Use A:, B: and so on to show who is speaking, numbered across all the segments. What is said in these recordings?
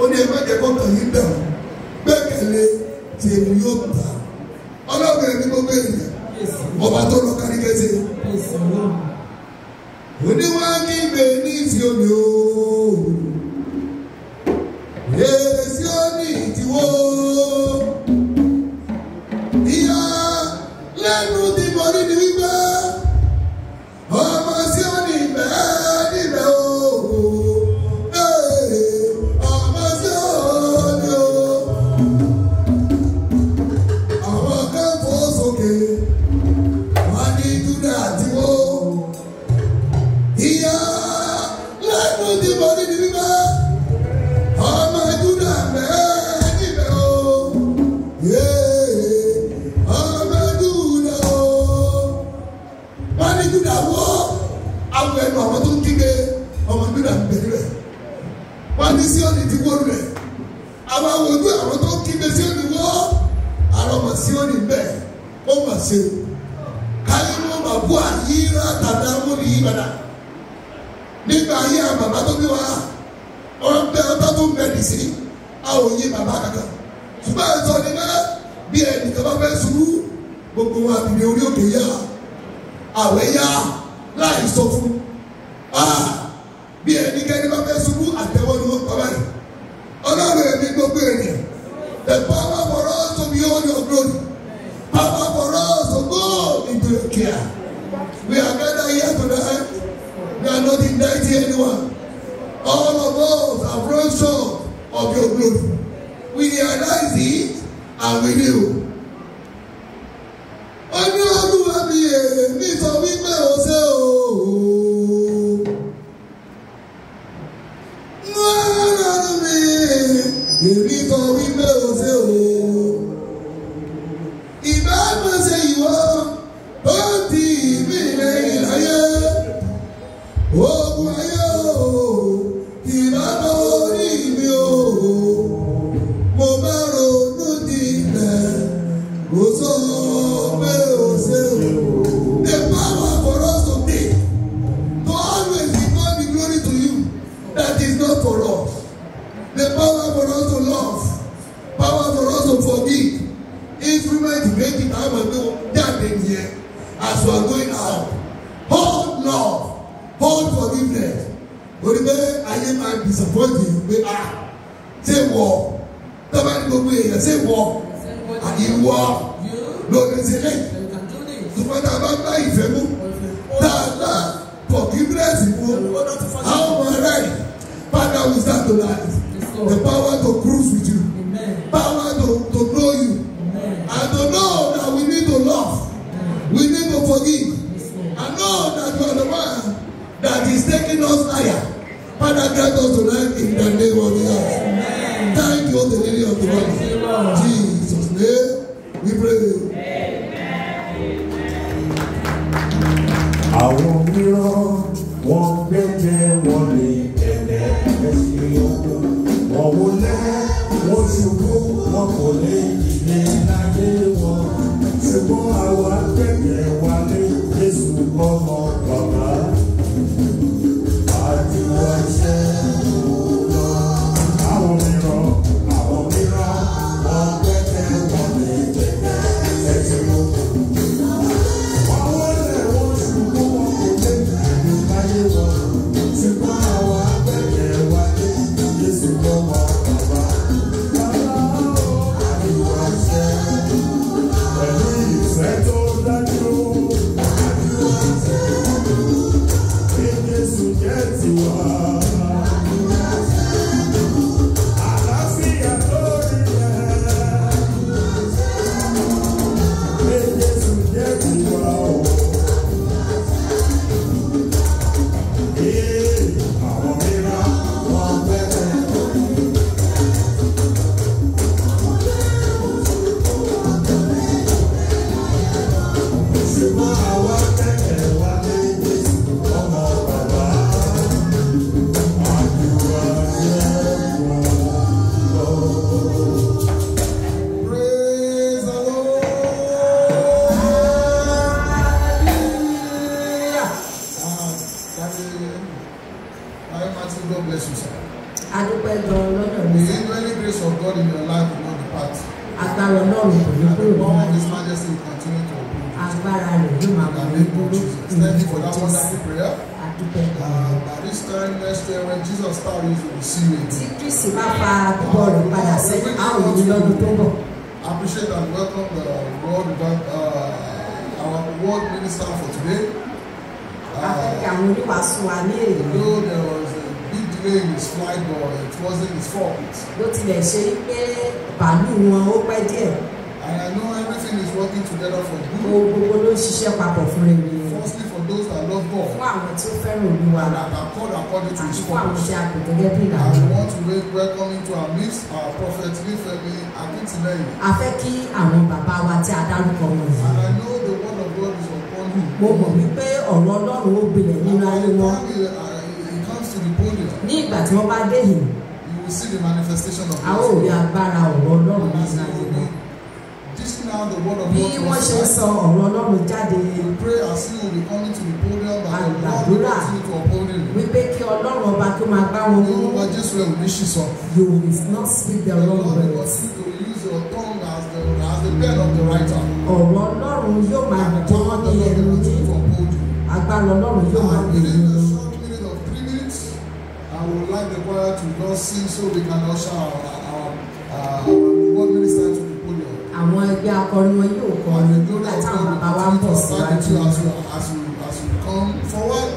A: ó ní ẹgbẹ́ jẹ́ kọ́kàn yín dà ó gbẹ́kẹ̀lé tèmi yóò gbà ọlọ́gbẹ̀rẹ̀ ní gbogbo ènìyàn ọba tó lọ kárí kẹsẹ̀ oníwájú ibẹ̀ ní ìsìomi ooo èsì ó ní ìdíwọ́ ooo. bàbá kankan ṣùgbọ́n ẹ̀sọ́ ni náà bí ẹnìkan bá fẹ́ sùúrù gbogbo wa bìbí orí òkè yá àwẹ̀ yá láì sọ fún fún and we want to welcome into our midst our prophet Nífẹ̀mí Akíntìlẹ́yìn. a fẹ́ kí àwọn bàbá wa tí a dárúkọ wọn and I know the word of God is upon you. mo mọ̀ wípé ọ̀rọ̀ Ọlọ́run ó gbilẹ̀ nínú ayé wọn. Uh, he comes to the podium. ní ìgbà tí wọ́n bá dé yìí. you will see the manifestation of God. a ó rí agbára ọ̀rọ̀ Ọlọ́run nínú ayé wọn bí wọ́n ṣe sọ ọ̀rọ̀ Ọlọ́run jáde. we pray as you will be coming to the podium by the Lord will continue to uphold you tó máa gbá wọn mú. Yorùbá Jésù rẹ̀ ò ní ṣìṣọ. You will not speak the wrong words. Ọ̀rọ̀ Ọlọ́run yóò máa dán ní ẹnu yín. Agbára Ọlọ́run yóò máa dé yín. I would like the choir to not sing so we can usher our our uh, our minister to the podium. Àwọn ẹgbẹ́ akọrin wọn yóò kọ ní nígbà táwọn bàbá wa ń bọ̀ síwájú. As you as you as you come forward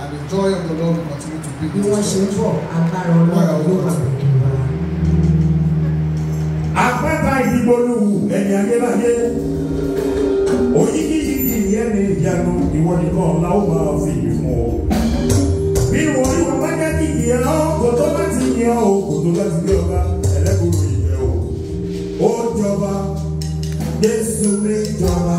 A: and the joy of the Lord will bí wọ́n ṣe ń bọ̀ agbára ọlọ́run yóò wà pẹ̀lú wa. apáta ìdígbòlùwù ẹ̀yìn ayérayé òyìnbíyìnbí ìyẹn ní ìyanu ìwọ nìkan ọ̀la ó máa fi ìlú mọ́ ọ. bí wọ́n yóò bá jẹ́ kí ìyẹn ọ́ kò tó bá ti yẹn o kò tó bá ti gbé ọba
B: ẹlẹ́kùnrin ìyẹn o ó jọba Jésù ní jọba.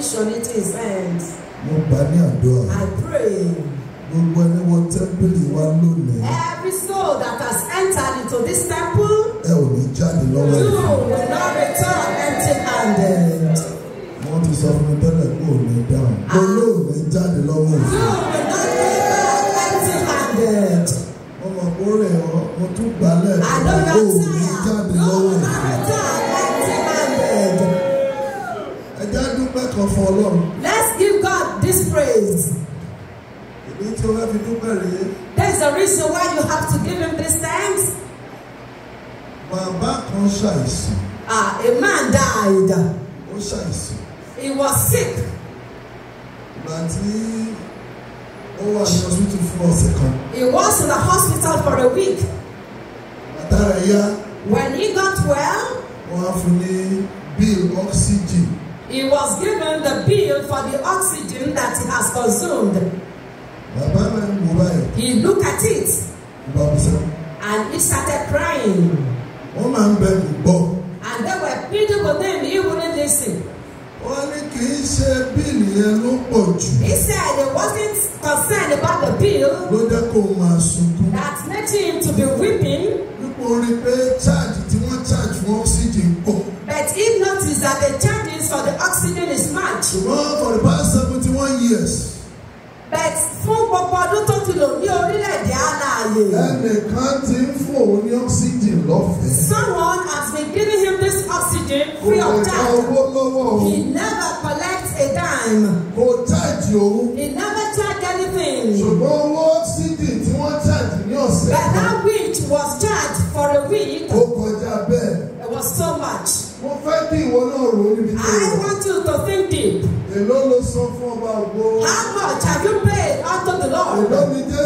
A: commission it is end. Mo gbà ní àdúrà. I pray. ṣàìsàn. Ah, a máa dá àìdá. ẹnìkan ti ń fún oxygen lọ́fẹ̀ẹ́. someone has been giving him this oxygen free of charge. he never collects a dime. kò charge òun. he never charge anything. ṣùgbọ́n owó oxygen tí wọ́n charge ní ọ̀sẹ̀. but that which was charged for a week. ó kọjá it was so much. mo fẹ́ kí ìwọ náà rò níbi tó I want you to think deep. èló ló san fún ọba ògbó. how much have you paid unto the Lord. èló ni jésù.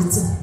A: character.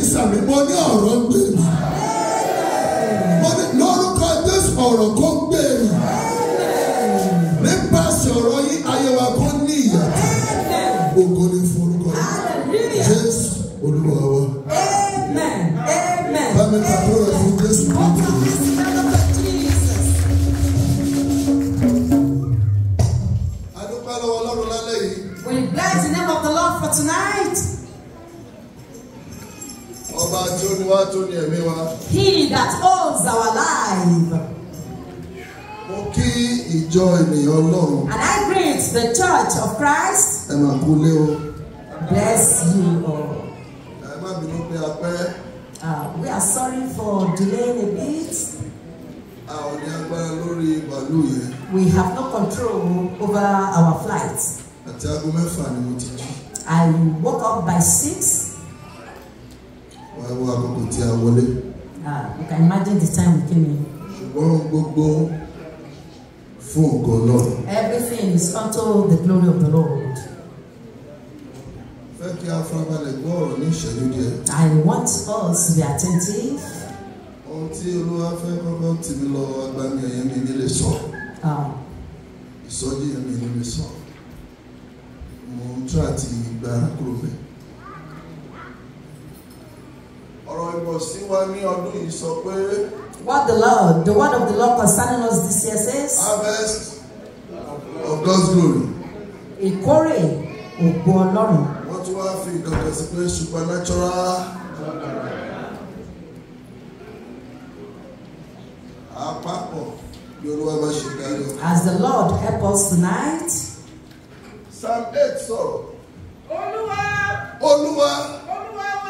A: mi sàmì mo ní ọ̀rọ̀ gbé mi. mo ní lórúkọ Jésù ọ̀rọ̀ kó loves our life. Mo kí ìjọ ènìyàn And I greet the church of Christ. Bless you all. Ẹ uh, We are sorry for delaying a bit. We have no control over our flight. Àti aago mẹ́fà I woke up by six. Ah, you can imagine the time we came in. Ṣùgbọ́n gbogbo fún ògo náà. Everything is unto the glory of the Lord. Fẹ́ kí a gbọ́ ọ̀rọ̀ ní ìṣẹ́jú díẹ̀. I want us to be attentive. Ohun tí Olúwa fẹ́ kọ́kọ́ tì mí lọ agbami ẹ̀yẹ mi nílé sọ. Ah. Ìsọjí ẹ̀yẹ mi nílé sọ. Mo ń tún àti gbára kúrò bẹ́ẹ̀ ọ̀rọ̀ ìbọ̀sí wa ní ọdún yìí sọ pé. What the Lord, the word of the Lord concerning us this year says. Harvest of God's glory. Ìkórè ògo Ọlọ́run. Wọ́n tún wá fi ìkankan sí pé supernatural. Àpapọ̀ ni Olúwa máa ṣe dáyọ. As the Lord help us tonight. Psalm eight sọ̀rọ̀. Olúwa. Olúwa. Olúwa wa.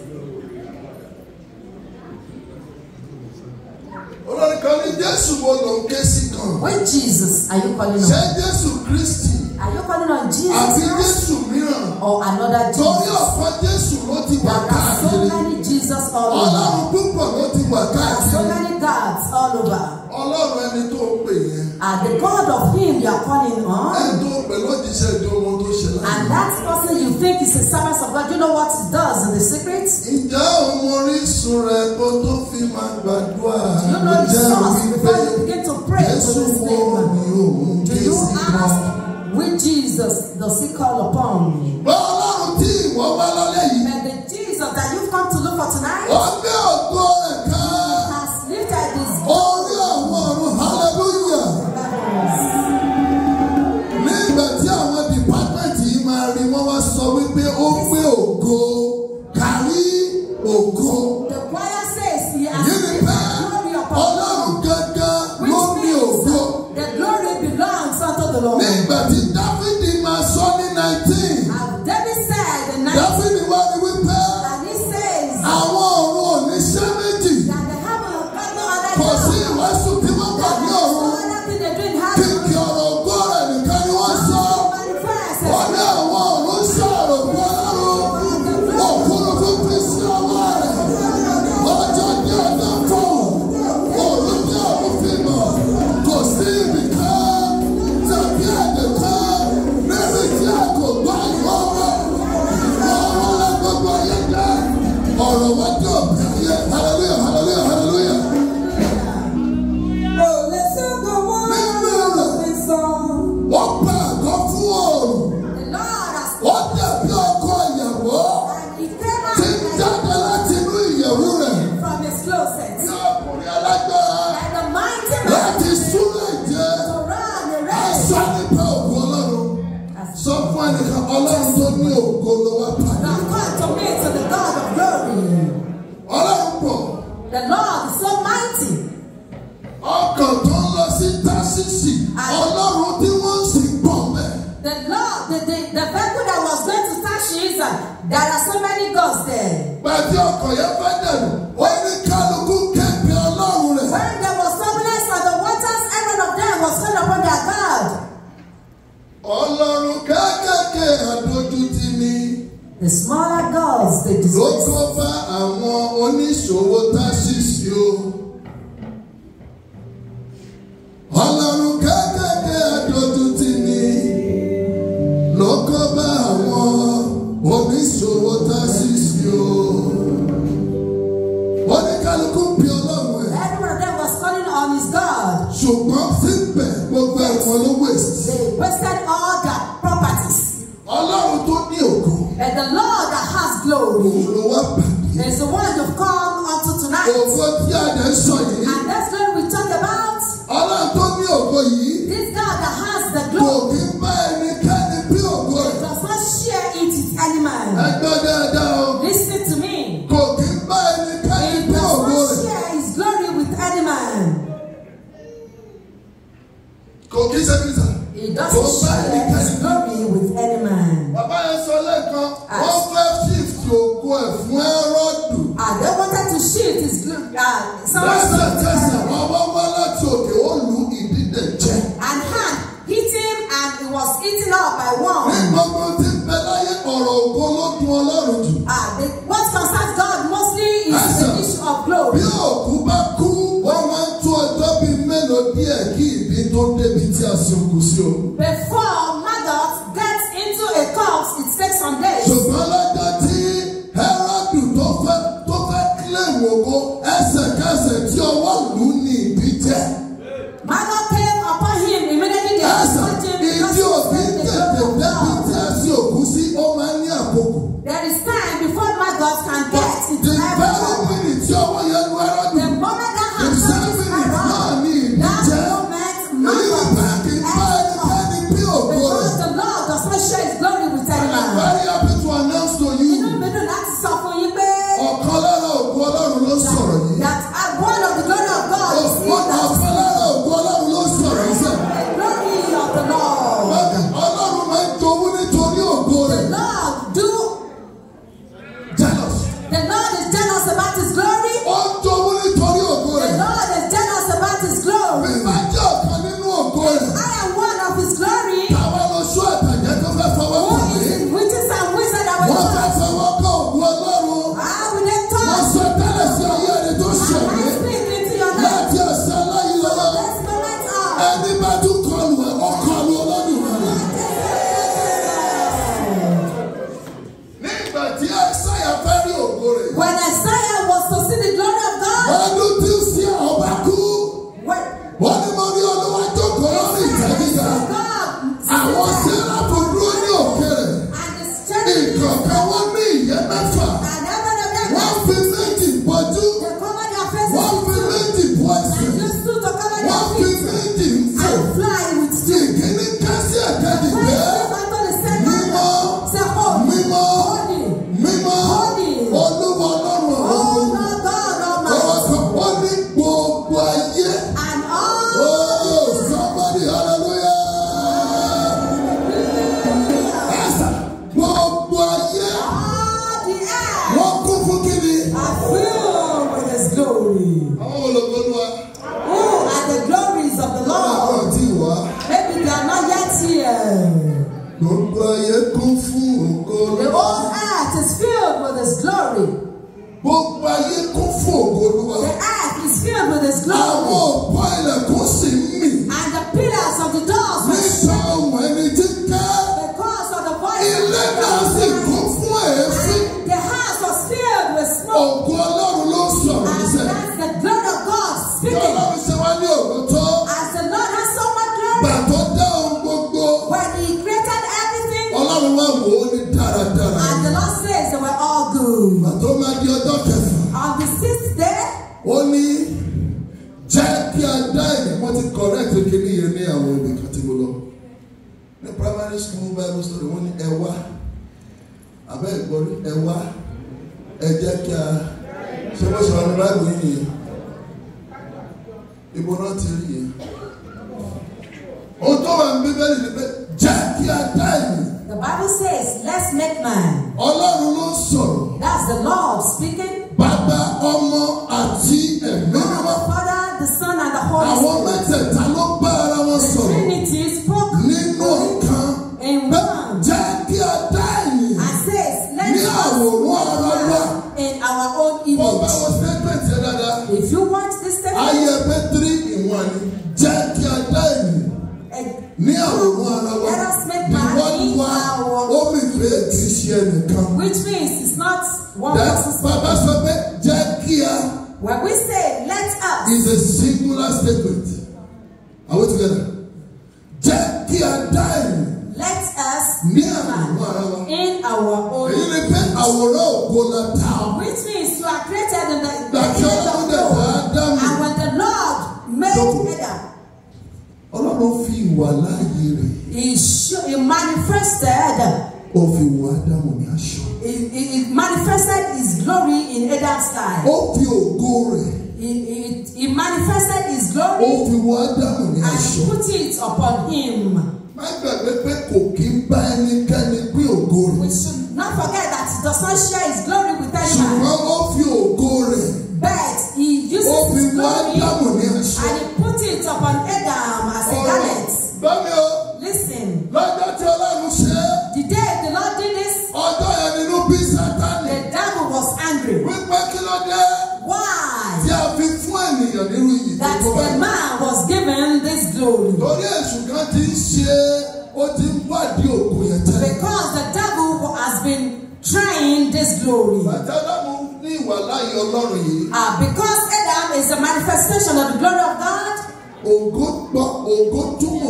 A: When kan ní jésù wo ló ń ké sí kan. which jesus are you calling on. ṣé jésù kristi. are you calling on jesus. àti jésù mìíràn. or another jesus. torí ọ̀pọ̀ jésù ló ti wà so many jesus all over. ọlọ́run púpọ̀ ló ti wà so many gods all over. ọlọ́run ẹni And ah, the God of him you are calling on. Ẹ̀dùn pẹ̀lú òjíṣẹ́ ìdún ohun tó ṣe láti. And that person you think is a servant of God, you know what he does in the secret? Ǹjẹ́ òun orísun rẹ̀ kó tó fi máa gbàdúrà?
B: You know the source before you
A: begin to pray to this neighbor. Do you ask which Jesus does he call upon? Bọ́lá ọ̀run tí ìwọ wá lálẹ́ yìí. May the Jesus that you've come to look for tonight. Ọ̀gbẹ́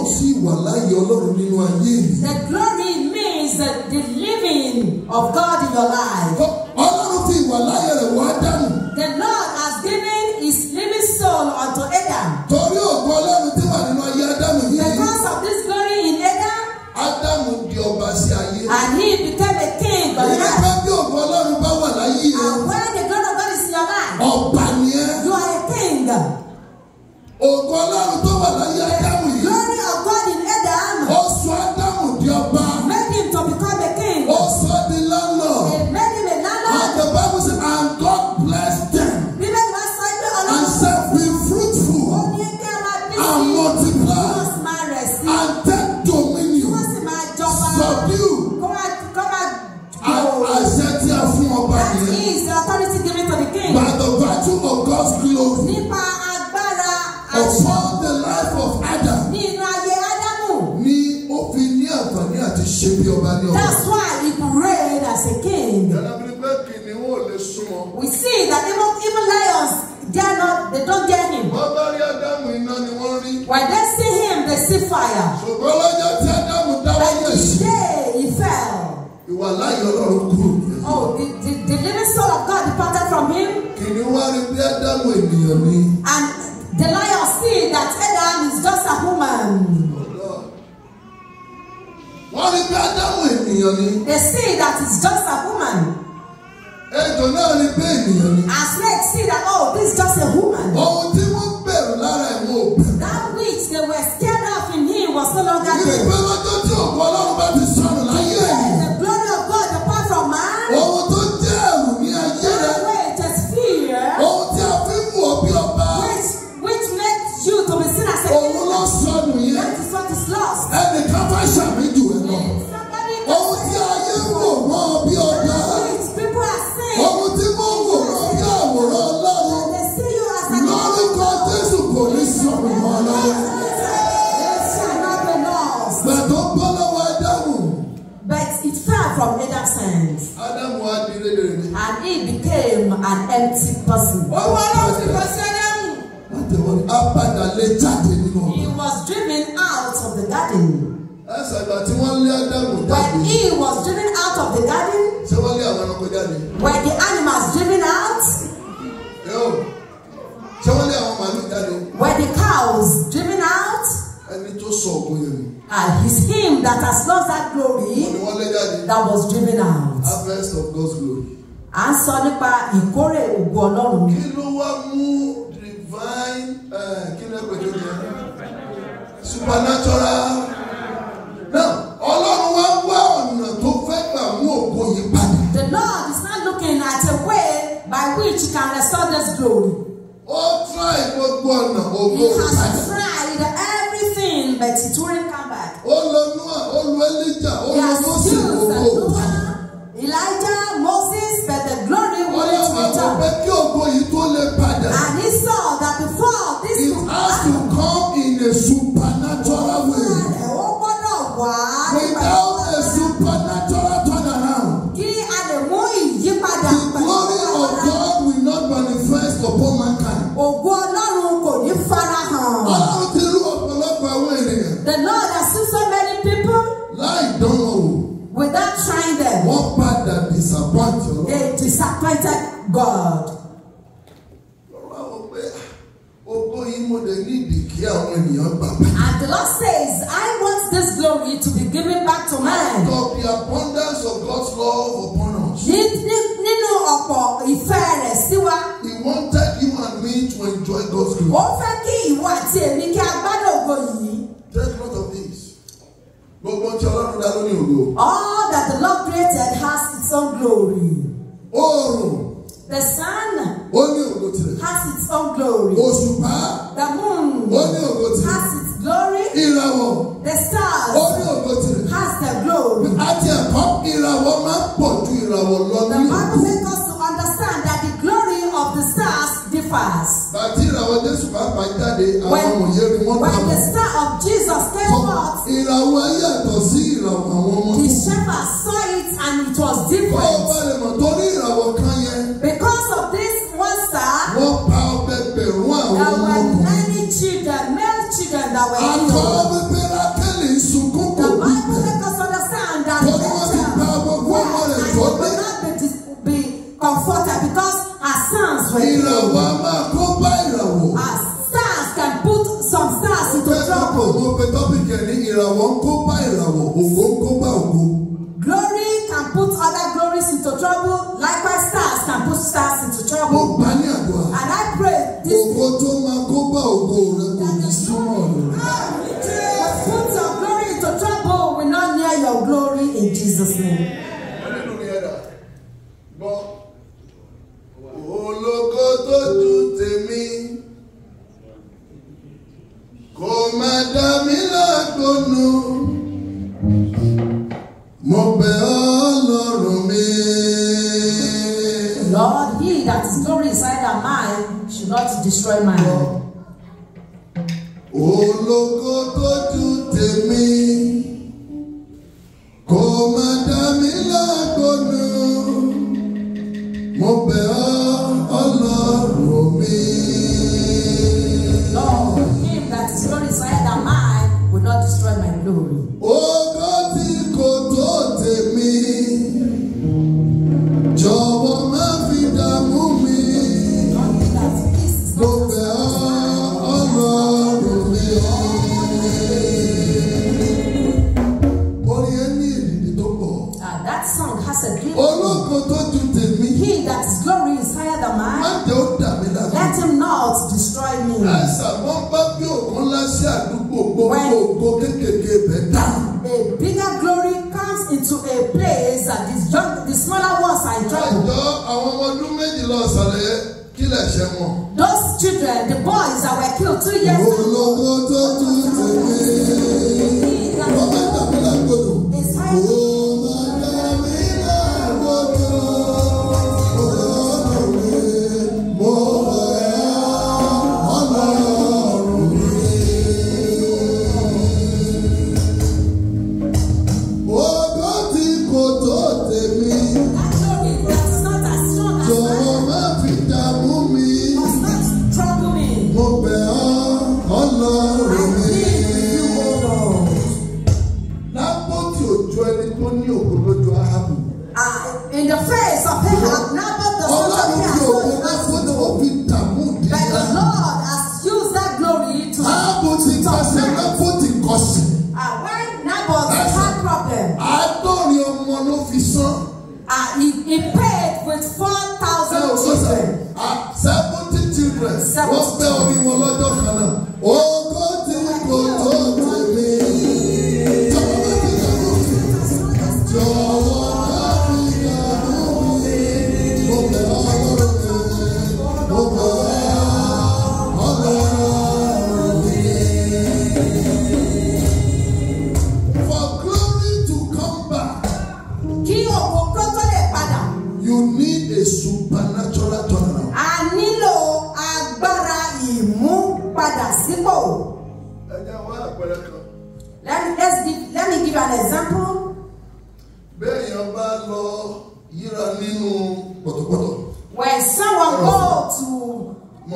A: túmọ̀ sí ìwàláyé Ọlọ́run nínú ayé mi. The glory means the living of God in your life. ní ògo. all that the Lord created has its own glory. oòrùn. the sun. ó ní ògo tirẹ̀. has its own glory. òṣùpá. the moon. nínú pọ̀tọ̀pọ̀tọ̀. When someone go to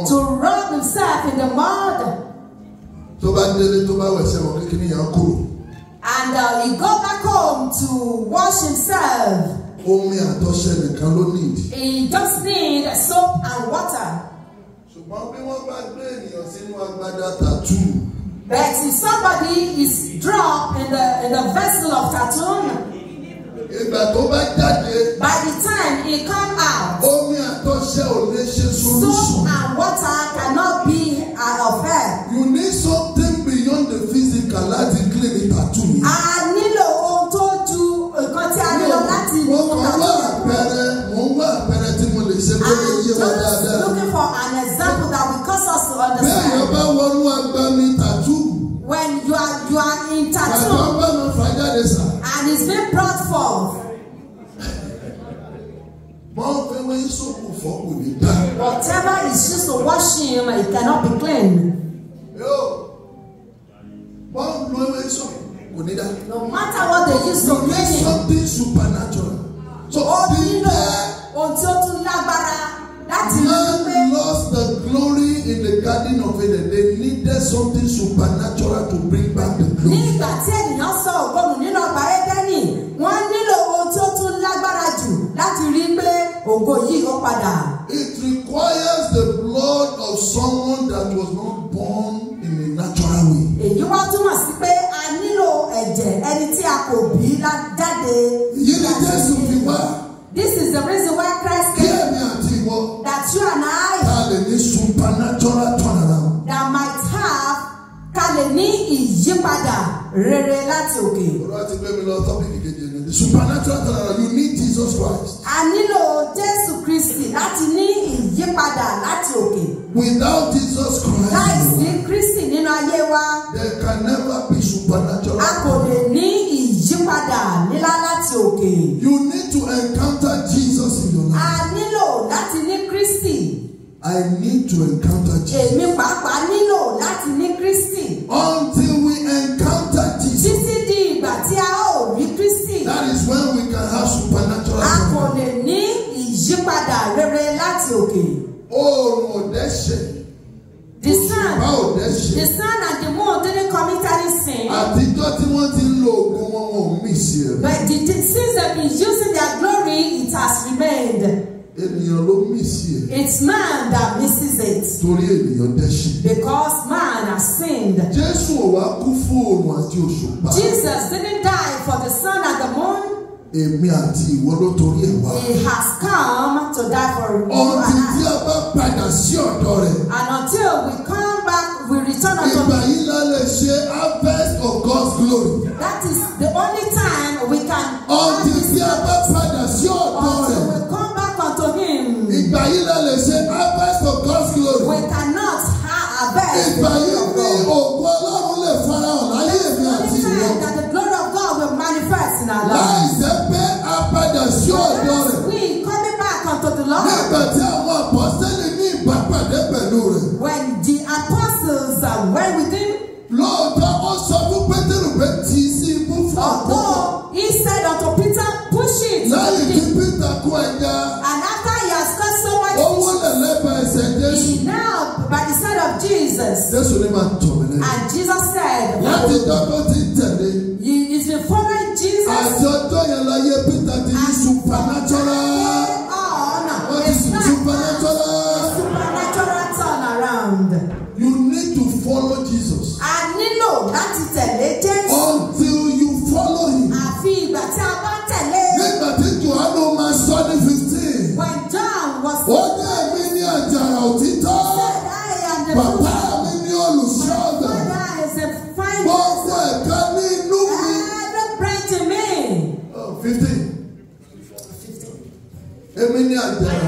A: to rub himself in the mud. Tó bá délé tó bá wẹ̀sẹ̀ wọn kékeré yẹn kúrò. And uh, he go back home to wash himself. Omi àtọ̀ṣẹ nìkan ló need. He just need soap and water. Ṣùgbọ́n bí wọ́n bá gbé ènìyàn sínú agbada tàtú. But if somebody is dropped in the in the vessel of tattoo. Ìgbà tó bá jáde. By the time he come out. Omi àtọ́ṣe ò lè ṣe solution. Soap and water cannot be an affair. You need something beyond the physical láti clean it at all. A nílò ohun tó ju nǹkan tí a nílò láti. Mo kàn wá àpẹẹrẹ, mo ń wá àpẹẹrẹ tí mo lè ṣe bóyá iye wọn dáa. Whatever is used to wash him, it cannot be clean. No matter what they use to clean him. Something supernatural. So all the there. Man lost the glory in the garden of Eden. They needed something supernatural to bring back the glory. Nígbà tí ènìyàn sọ ògbónú nínú. Ògo yìí ló padà. It requires the blood of someone that was not born in a
B: natural way.
A: Èyí wá túmọ̀ sí pé a nílò ẹ̀jẹ̀ ẹni tí a kò bí jáde. Ìyẹn ni Jésù fi wá. This is the reason why Christ came. Kí ẹ̀mí àti ìwọ. That you and I. Ká lè ní supernatural turnaround. That might have ká lè ní ìyípadà rere láti òkè. Olúwa ti mi lọ tọ́pìkì kejì supernatural turnaround you need Jesus Christ. a nílò Jésù Kristi láti ní ìyípadà láti òkè. without Jesus Christ. láìsí Kristi nínú ayé wa. there can never be supernatural. a kò lè ní ìyípadà nílá láti òkè. you need to encounter Jesus in your life. a nílò láti ní Kristi. I need to encounter Jesus. èmi pàápàá nílò láti ní Kristi. until. ìyípadà rere láti òkè. oòrùn ò dẹ́ṣẹ̀. The sun, the sun and the moon didn't commit the sin. Àtijọ́ tí wọ́n ti ń lo oògùn wọn wọn mí sí ẹ. But the, the since they been using their glory, it has remained. Ènìyàn ló mí sí ẹ. It's man that misses it. Torí ènìyàn dẹ́ṣẹ̀. Because man has sinned. Jésù ò wá kú fún oòrùn àti òṣùpá. Jesus didn't die for the sun and the moon èmi àti ìwọ ló torí ẹ̀ wá. he has come to die for you and ọtí tí a bá padà sí ọ̀dọ̀ rẹ̀. and until we come back we return unto him. ìgbà yìí la ṣe harvest of God's glory. that is the only time we can. ọtí tí a bá padà sí ọ̀dọ̀ rẹ̀. until we come back unto him. ìgbà yìí la lè ṣe harvest of God's glory. we cannot
B: harvest. ìgbà yìí ni ògùn
A: Ọlọ́run lè farahàn láyé èmi àti ìwọ. that the glory of God will manifest in our lives. láì sẹ́kù sí ọ̀dọ̀ we coming back unto the Lord. nígbà tí àwọn apọ́sẹ́lì ní ìbápàdé pẹ̀lú rẹ̀. when the apostles are well with him. lóòótọ́ ó sọ fún pétérù pé tì sí imú fún àkókò. he said unto Peter push it. lẹ́yìn tí Peter kó ẹja. and after he has cut so much. ó wọlé lẹ́bàá ẹsẹ̀ Jésù. he now by the side of Jesus. Jésù ni màá tọ̀ mí lẹ́yìn. and Jesus said. láti dọ́gbọ́n ti tẹ̀lé. he is before àti ọjọ́ yẹn supernatural what is you need to follow Jesus. a nílò láti tẹ̀lé Jésù. until you follow him. àfi ìgbà tí a bá tẹ̀lé. nígbà tí Jòhánù máa sọ ní fifteen. when John was. ó dé mi ní àjàrà òtítọ́. bàbá. there.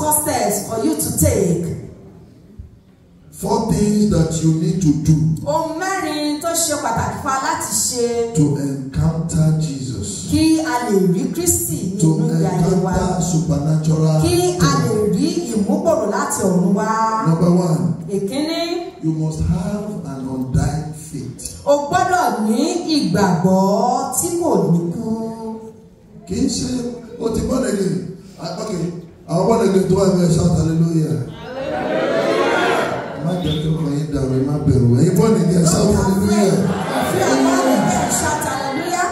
A: four steps for you to take. Four things that you need to do. Ohun mẹ́rin tó ṣe pàtàkì fún láti ṣe. To encounter Jesus. Kí a lè rí Kristi nínú ìyá yẹn To encounter supernatural. Kí a lè rí ìmúgbòrò láti ọ̀run wá. Number one. Èkíní. You must have an undying faith. O gbọ́dọ̀ ní ìgbàgbọ́ tí kò ní kú. Kì í ṣe o ti gbọ́dọ̀ ní. Ah, okay àwọn bọ́ọ̀lù ẹgbẹ́ tó wà ní Hallelujah! àtàlélóyà má jẹ́ kí ọkàn yín dàrú ẹ má bẹ̀rù ẹ̀yin bọ́ọ̀lù ẹgbẹ́ ẹ̀ṣọ́ àtàlélóyà.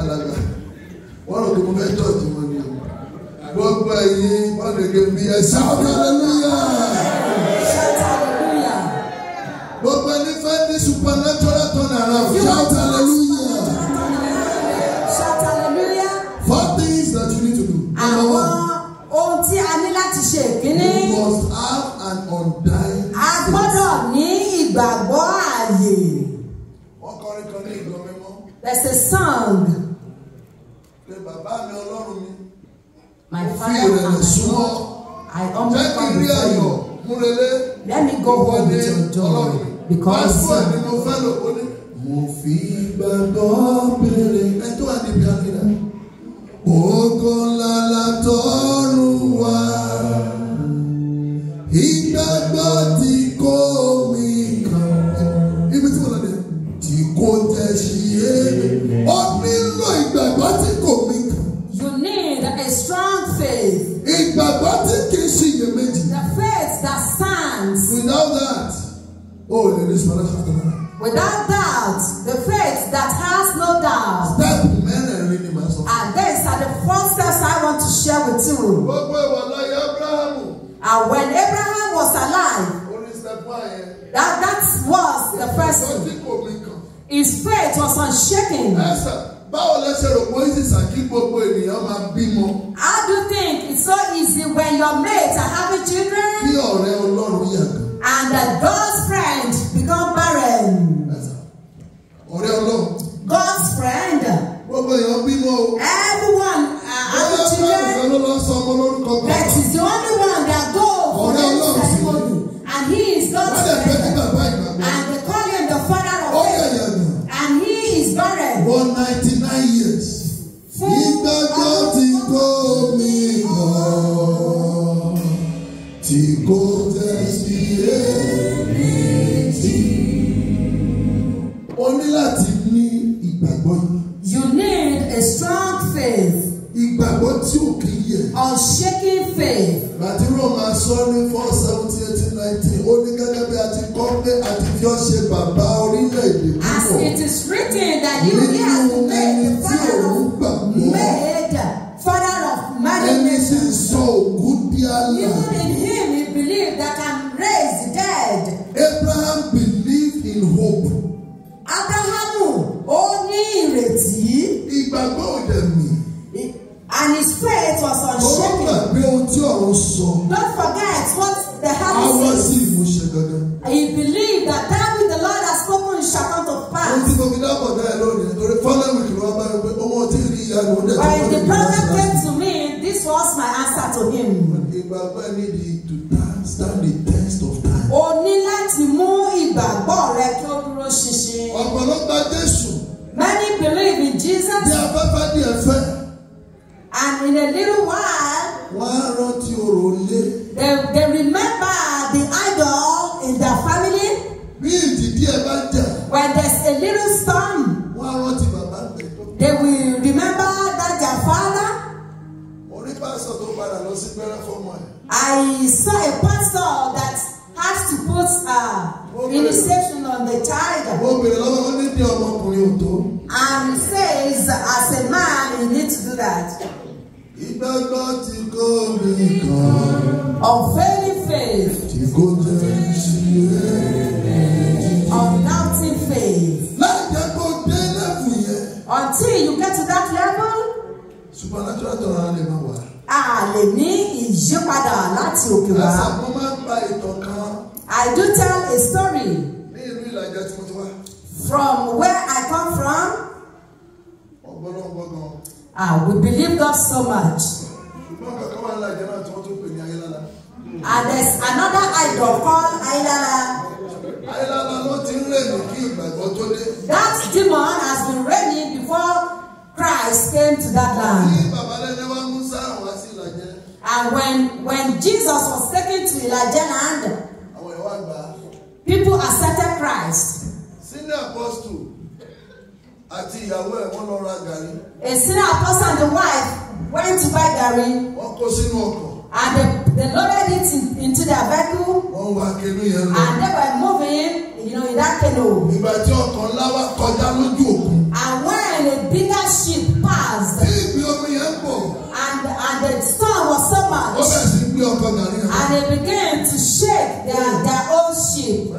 A: alàgbà wọ́n rò pé mo fẹ́ tọ́jú wọn ni gbogbo ẹ̀yin bọ́ọ̀lù ẹgbẹ́ mi My Father and God, I humble come before you. Let me go home with your joy because mo fi gbàgbọ́ béèrè ẹ̀tọ́ àdìbí àfihàn. Ògo ńlá la tọ́rùn wá. ti. Without that, oh,
B: the there is Without
A: doubt, the faith that has no doubt. Step and ni màá sọ. And these are the first steps I want to share with you. Gbogbo ìwà láyé And when Abraham was alive. That that was the first one. Ìjọ́sí kò mí kàn. His faith was unshaken. Ẹ̀sẹ̀ báwo lẹ ṣe rò pé ìsì sàkí gbogbo ènìyàn máa bímọ. How do you think it's so easy when your mates are having children? Kí ọ̀rẹ́ Ọlọ́run yàgbé. And that God's friend become barren. Ọ̀rẹ́ Ọlọ́run. God's friend. Gbogbo èèyàn bímọ o. Everyone uh, the children. Ọ̀rẹ́ Ọlọ́run ló sọ ọmọ lórúkọ kan. That is the only one that go for the ceremony. And he is God's friend. Wọ́n lè fẹ́ kí bàbá ìgbàgbọ́. And they call him the father of faith. Ó yẹ yẹnu. And he is barren. For ninety nine years. Fún ọdún. Ìgbàgbọ́ ti kó mi hàn tí kò tẹ̀sí èmi tí. o ní láti ní ìgbàgbọ́. you need a strong faith. Ìgbàgbọ́ tí ò kì í yẹ. Unshaking faith. Bàtírò máa sọ ní four seventy eighteen nineteen. Ó ní gẹ́gẹ́ bí a ti kọ́ pé a ti fi ọ́ ṣe bàbá orílẹ̀-èdè púpọ̀. As it is written that you hear me the
B: father of made
A: father of marriage. Ẹni tí ń sọ ògùn di alá. Even in that can raise dead. Abraham believed in hope. Abrahamu ó ní ìrètí. Ìgbàgbọ́ òde mi. And his faith was unshaken. Ọlọ́run gbàgbé ohun tí ọ̀run sọ. Don't forget what the heaven says. Àwọn sí ìmúṣẹ dandan. He believed that that which the Lord has spoken shall come to pass. Ohun tí mo fi dábọ̀ dá ẹ lónìí, torí fọ́lá mi kìlọ̀ ọba ẹgbẹ́ owó tí ì rí ìyá tó wọ́n When the prophet came to me, this was my answer to him. Ìgbàgbọ́ ẹ nídìí to stand the test of time. o ní láti mú ìgbàgbọ́ rẹ kí ó dúró ṣinṣin. ọ̀pọ̀ Jésù. many believe in Jesus. bí afẹ́fẹ́ ní ẹ̀fẹ́. and in a little while. wọ́n á rántí òrò lé. they they remember. I saw a pastor that has to put a uh, initiation on the child. Mo lọ́wọ́ ó ní bí ọmọkùnrin ò tó. And says as a man you need to do that. Ìgbàgbọ́ tí kò lè kàn. Unfailing faith. Tí kò jẹ́
B: ìṣirẹ́.
A: Undoubting faith. Láì kó dé lẹ́kùn yẹn. Until you get to that level. Supernatural tọ̀rọ̀ á máa wọ̀ a lè ní ìyípadà láti òkè wá. àṣà máa ń gba ìtàn I do tell a story. ní ìlú Ìlàjà tí mo ti wá. From where I come from. ọgbọ́n ọgbọ́n Ah, we believe God so much. ṣùgbọ́n kankan wà lájà náà tí wọ́n tún pè ní ayélujára. And there's another idol called ayélujára. ayélujára ló ti ń rèé kí ìgbàgbọ́ tó dé. That demon has been reigning before Christ came to that land. ní bàbá lẹ́ni wá And when, when Jesus was taken to Elijah land, people accepted Christ. Senior apostle. Àti ìyàwó ẹ̀ wọ́n lọ ra gàrí. A senior apostle and the wife went to buy gàrí. Wọ́n kó sínú ọkọ̀. And they, they loaded it in, into their vehicle. Wọ́n wá kẹnu yẹn lọ. And they were moving, you know, in that canoe. Ìgbà tí ọkọ̀ ńlá wá kọjá lójú òkun.
B: And when a
A: bigger ship And they began to shake their, their own ship.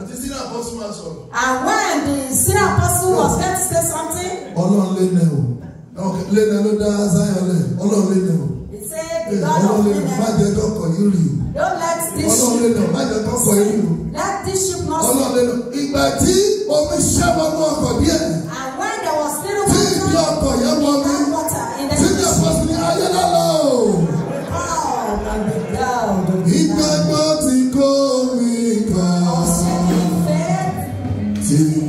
A: And when the senior apostle was going to say something. Ọlọ́run lé nẹ o. Lẹ́nà ló dá Zion lẹ̀. Ọlọ́run lé nẹ o. He said the eh, God of Lena. Má jẹ́ Don't let this ship. Ọlọ́run Let this ship not sink. Ọlọ́run lé nẹ Ìgbà tí omi ṣẹ́ wọnú ọkọ̀ díẹ̀. And when there was little water. Tí ìdí ọkọ̀ yẹn wọnú.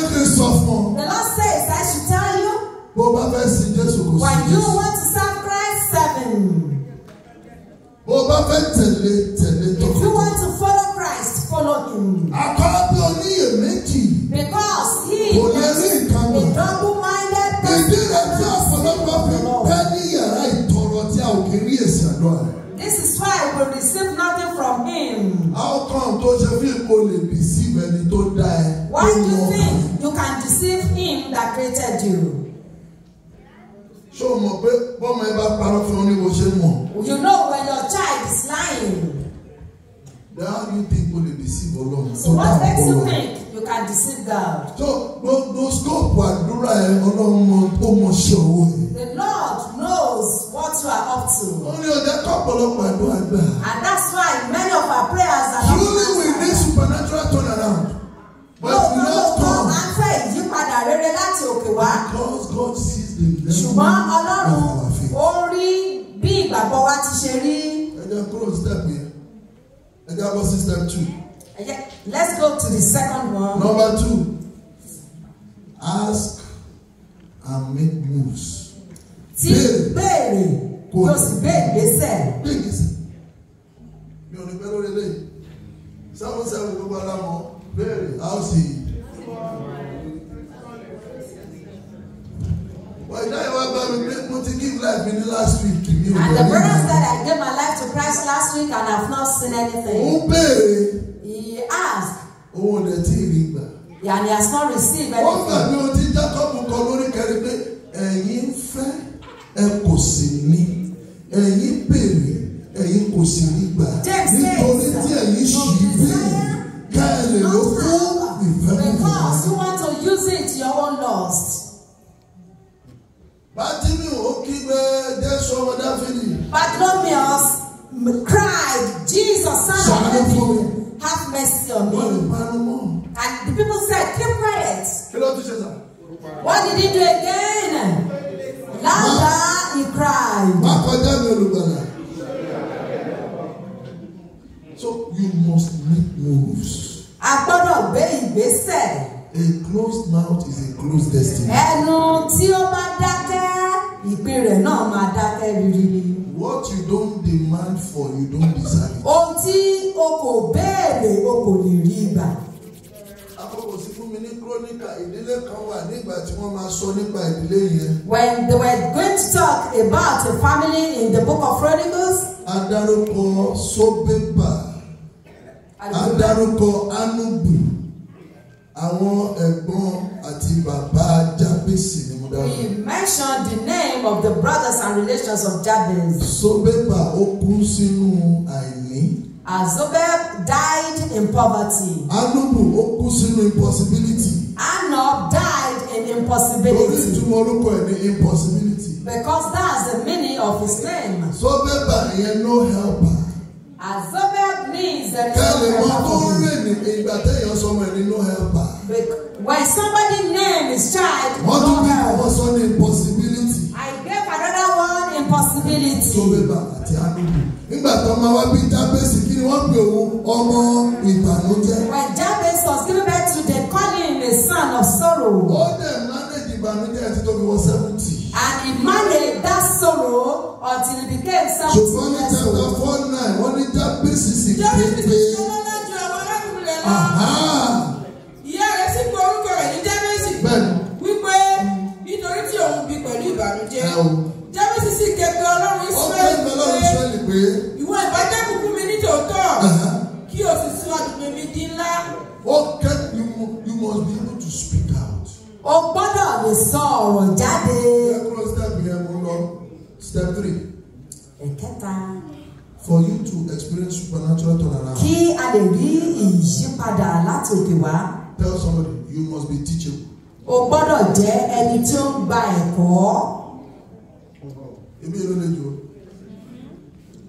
A: kí n sọ fún The Lord says I should tell you. Bó o bá fẹ́ sin Jésù kò sí Jésù. When you want to serve Christ, seven? him. Bó o bá fẹ́ tẹ̀lé tẹ̀lé tó. If you want to follow Christ, follow him. Àkọ́bí oníyèméjì. Because he is a double-minded person. Ìdí rẹ̀ tí ọ̀pọ̀lọpọ̀ fi pẹ́ ní yàrá ìtọrọ tí a ò kì í rí èsì àdúrà rẹ̀. This is why I will receive nothing from him. How come tó ṣe fi ipò lè bí sí ẹni tó dá ẹ? Why do you think? can deceive him that created you. Ṣé o mọ̀ bọ́mọ ẹ bá parọ́ fún ọ ṣe mọ̀? You know when your child is lying. That you people dey deceive Ọlọ́run. So what makes you think you can deceive God? So lo scope àdúrà ẹ Ọlọ́run mọ ó mọ ṣe owó yẹn. The Lord knows what you are up to. Ó ní ọjà kọ́ ọ̀pọ̀lọpọ̀ àdúrà gbà. And that's why many of our prayers are. Truly we need supernatural turnaround. But no, no rere láti òkè wá. God sees the level ṣùgbọ́n Ọlọ́run ó rí bí ìgbàgbọ́ wa ti ṣe rí. ẹ jẹ́ kúrò step yẹn ẹ jẹ́ lọ sí step two. let's go to the second one. number two ask and make moves. ti béèrè kò sì gbé ìgbésẹ̀. gbé ìgbésẹ̀ mi ò ní pẹ́ lórí eléyìí sáwọn sáwọn gbogbo ara mọ béèrè a ó sì. But you you want God to break to give life in the last week. And the brother said I gave my life to Christ last week and I've not seen anything. Obey. He asked. Owó the TV. ì And he has not received anything. Wọ́n gbàgbé ohun tí Jacob kọ lórí kẹrin pé ẹ̀yin fẹ́ ẹ kò sì ní ẹ̀yin béèrè ẹ̀yin kò sì ní gbà nítorí tí ẹ̀yin ṣì béèrè ká ẹ fún ìfẹ́ mọ́. Bartimaeus kígbe Jésù ọmọ Dáfídì. Bartimaeus cried, Jesus son of David, have mercy on me. And the people said, keep quiet. What did he do again? Louder he cried. Má kọjá mi So you must
B: make moves.
A: A gbé ìgbésẹ̀. A closed mouth is a closed destiny. Ẹnu tí ó bá dákẹ́ ìpín rẹ̀ náà máa dákẹ́ riri. what you don't demand for you don't desire. ohun tí o kò béèrè o kò lè rí gbà. àkókò sí fún mi ní kúrónìkà ìdílé kan wà nígbà tí wọ́n máa sọ nípa ìdílé yẹn. when they were going to talk about a family in the book of Chronicles. a dárúkọ sóbébà anubu àwọn ẹ̀gbọ́n àti bàbá jábèsì ni Jabez. He mentioned the name of the brothers and relations of Jabez. Sobeba ó kú sínú àìní. Azobeb died in poverty. Anubu ó kú sínú impossibility. Anob died in impossibility. Orí ìtumọ̀ orúkọ ẹ̀ ní impossibility. Because that's the meaning of his name. Sobeba ìyẹn no helper. Azobeb kẹ́lẹ̀ wọn tó rè ní ìgbà téèyàn sọmọ ẹ̀ nínú helper. when somebody name his child. What do we àwọn sọ ní impossibility. I gave another one impossibility. sọ́wébà
B: àti àdúgbò
A: nígbà tó máa wá bí jábèsì kí ni wọ́n pè òun ọmọ ìbànújẹ́. when Jabez was given birth to the calling him a son of sorrow. ó dẹ̀ máa ìbànújẹ́ àti tóbi wọ seventy. and he managed that sorrow until he became seventy. ṣùgbọ́n ní chapter four nine wọ́n ní jábèsì sì pé pé. ìyá rẹ̀ sì pe orúkọ rẹ̀ ní jábèsì wípé nítorí tí òun bí pẹ̀lú ìbànújẹ́ jábèsì sì ké pe ọlọ́run Ísírẹ́lì pé ìwọ ìbàjẹ́ kúkú mi ní tòótọ́ kí o sì sọ àdùnnú mi di ńlá. ó you must be o gbọ́dọ̀ lè sọ ọ̀rọ̀ jáde. lẹ́kùnrin step yẹn mo lọ step three. ẹ̀kẹta. for you to experience supernatural turnaround. kí a lè rí ìyípadà láti òkè wá. tell somebody you must be teaching. o gbọ́dọ̀ jẹ́ ẹni tí ó ń gba ẹ̀kọ́. èmi ló lè jọ.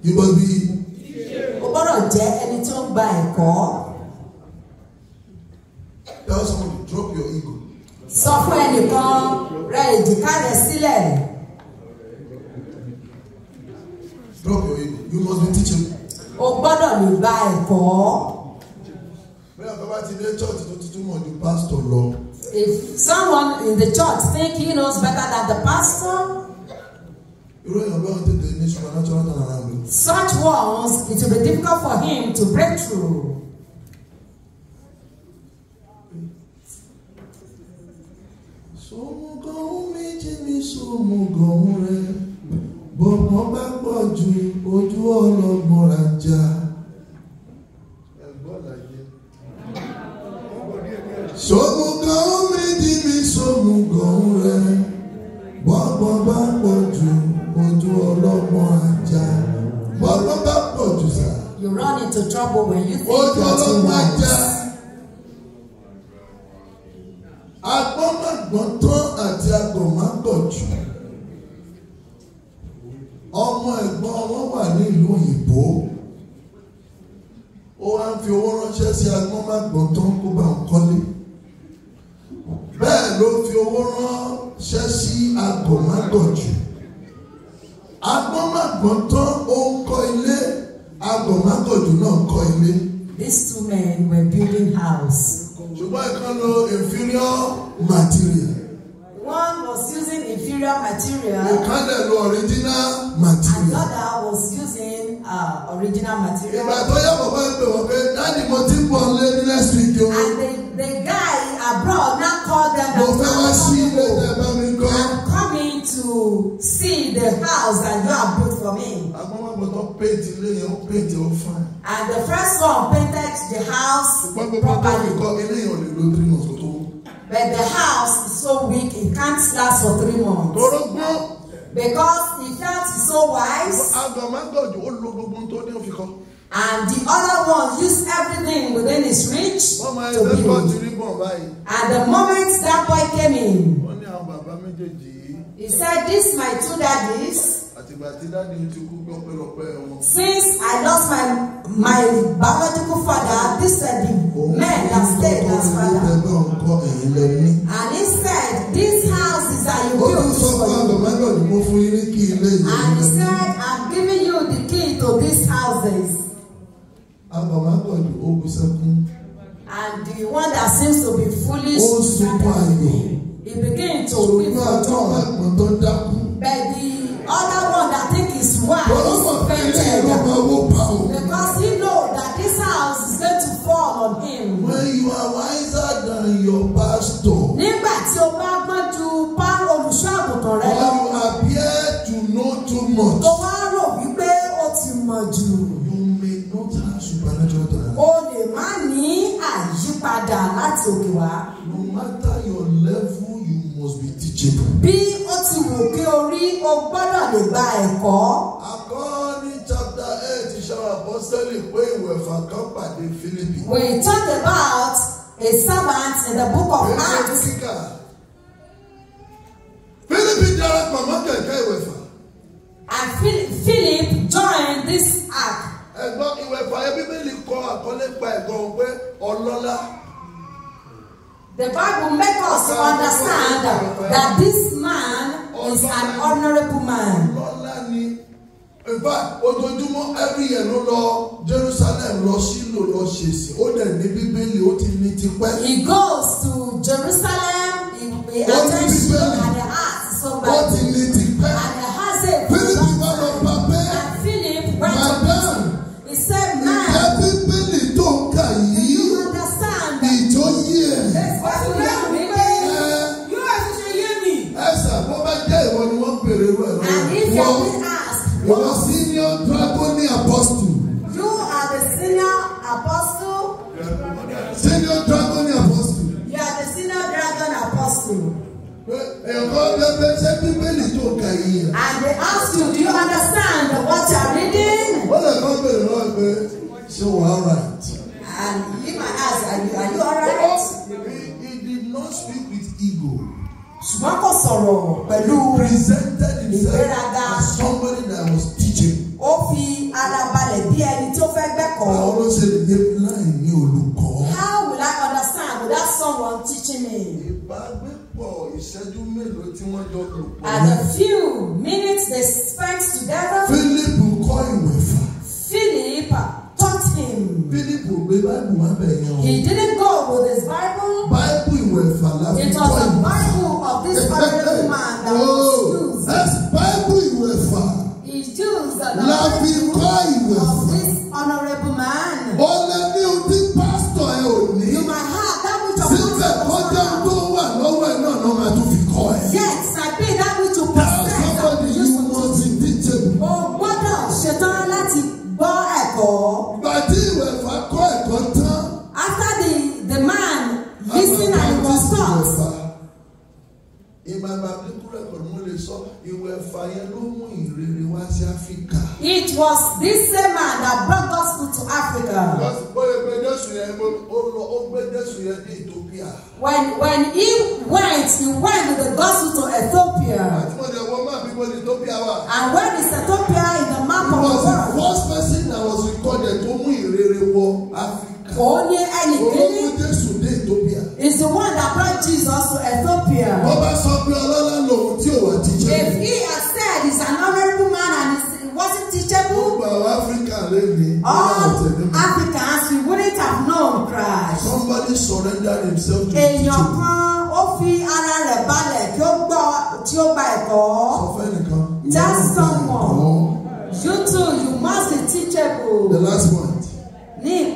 A: you must be. o gbọ́dọ̀ jẹ́ ẹni tí ó ń gba ẹ̀kọ́. tell somebody drop your ego sọ fún ẹnìkan rẹ èjìká rẹ sílẹ̀. drop you must be teaching. o gbọ́dọ̀ lè gba ẹ̀kọ́. bẹ́ẹ̀ bàbá ti dé church tó ti túmọ̀ ju pastor lọ. if someone in the church think he knows better than the pastor. irú èèyàn bá tètè ní supernatural turnaround. such ones it will be difficult for him to break through. sòmùgọ̀ ń méjì ní sòmùgọ̀ ń rẹ̀ bọ̀gbọ́n bá pọ̀ ju ojú ọlọ́gbọ̀n rajà. sòmùgọ̀ ń méjì ní sòmùgọ̀ ń rẹ̀ bọ̀gbọ́n bá pọ̀ ju ojú ọlọ́gbọ̀n rajà. bọ̀gbọ́n You run into trouble when you think you're too much. alábàgbọ́n àti agbọ̀nmágbọ̀jù ọmọ ẹ̀gbọ́n wọn wà ní òyìnbó ó wá ń fi owó ránṣẹ́ sí agbọ́nmágbọ̀n kó bá ń kọ́lé bẹ́ẹ̀ ló fi owó ránṣẹ́ sí agbọ̀nmágbọ̀jù agbọ́nmágbọ̀n ó ń kọ́ ilé agbọ̀nmágbọ̀jù náà ń kọ́ ilé. These two men were building house. ṣùgbọ́n ìkànnì inferior material. One was using inferior material. Ọ̀kan dẹ̀ lo original material. Another was using uh, original material. Ìgbà tó yẹ kó bá ń pé dáàdi mo ti bọ̀ lé next week o. And
B: the, the guy abroad now called them. Mo fẹ́ wá sí
A: ilé ìjẹ́ bá mi kọ́. I'm coming to see the house that you have built for me. Agbọ́nmọ́gbọ́n paint ilé yẹn ó paint ó fine. And the first one painted the house properly. Ìgbọ́n gbogbo tó fi kọ́ ilé yẹn ò lè lo three months. But the house is so weak, it can't last for three months. Because he felt so wise. And the other one used everything within his reach to build. And the moment that boy came in, he said, This my two daddies since I lost my my biological father this said the men that stayed as father. and he said this house is our you build. and he said I'm giving you the key to these houses. àgbàmọ́lò ni ó bu sẹ́kún. and the one that seems to be foolish. ó sunkún ayọ̀. he began to weep for joy. ó sunkún àgbọ̀n tó dákú. but the Other one that think is wise. Because he know that this house is going to fall on him. When you are wiser than your pastor. Nígbà tí o bá gbọ́n ju bá olùṣọ́ àgùntàn rẹ lọ. you appear to know too much. Tó wá rò wípé o ti mọ̀ jù. You may not have supernatural talent. O lè má ní àyípadà láti òkè wá. No matter your level you must be teachable. Bí o gbọ́dọ̀ lè gba ẹ̀kọ́. Akọ́ni chapter eight iṣẹ́ àpọ́sẹ́lì pé ìwẹ̀fà kan pàdé Fílípì. We talk about
B: a servant in the book of Acts.
A: Fílípì darapọ̀ mọ́ kẹ̀kẹ́ ìwẹ̀fà. And Philip joined this act. Ẹ̀gbọ́n ìwẹ̀fà ẹbí mi lè kọ àkọlé pa ẹ̀gbọ́n pé ọlọ́lá. The Bible makes us to understand that this man is an honorable man. In fact, ojoojúmọ́ every year ló lọ Jerusalem lọ sílò lọ ṣèṣì ó dẹ̀ ní bíbélì ó ti ní tipẹ́. He goes to Jerusalem he, attends to and he asks somebody. only apostle. You are the senior apostle. Senior dragon apostle. You are the senior dragon apostle. And they ask you, do you understand what you are reading? Ó lè kọ́ bèrè lọ́wọ́ pé ṣé wàá rà.
B: And he might ask, are you, are
A: you did not speak with ego. ṣùgbọ́n kò sọ̀rọ̀ pẹ̀lú presented himself as somebody that was ó fi ara balẹ̀ bí ẹni tó fẹ́ gbẹ́kọ̀ọ́. báwo ló ṣe lè láì ní olùkọ́. how will I understand without someone teaching me. ìbágbépọ̀ ìṣẹ́jú mélòó tí wọ́n jọ lò. and a few minutes they spent together. philip kọ́ ìwé fún. philip taught him. philip gbé báìbù wá bẹ̀ yẹn he didn't go with his bible. báìbù ìwẹ̀fà láti kọ́ ìwé. it was the bible of this family man that was. Oh. Love is kind. Of this honorable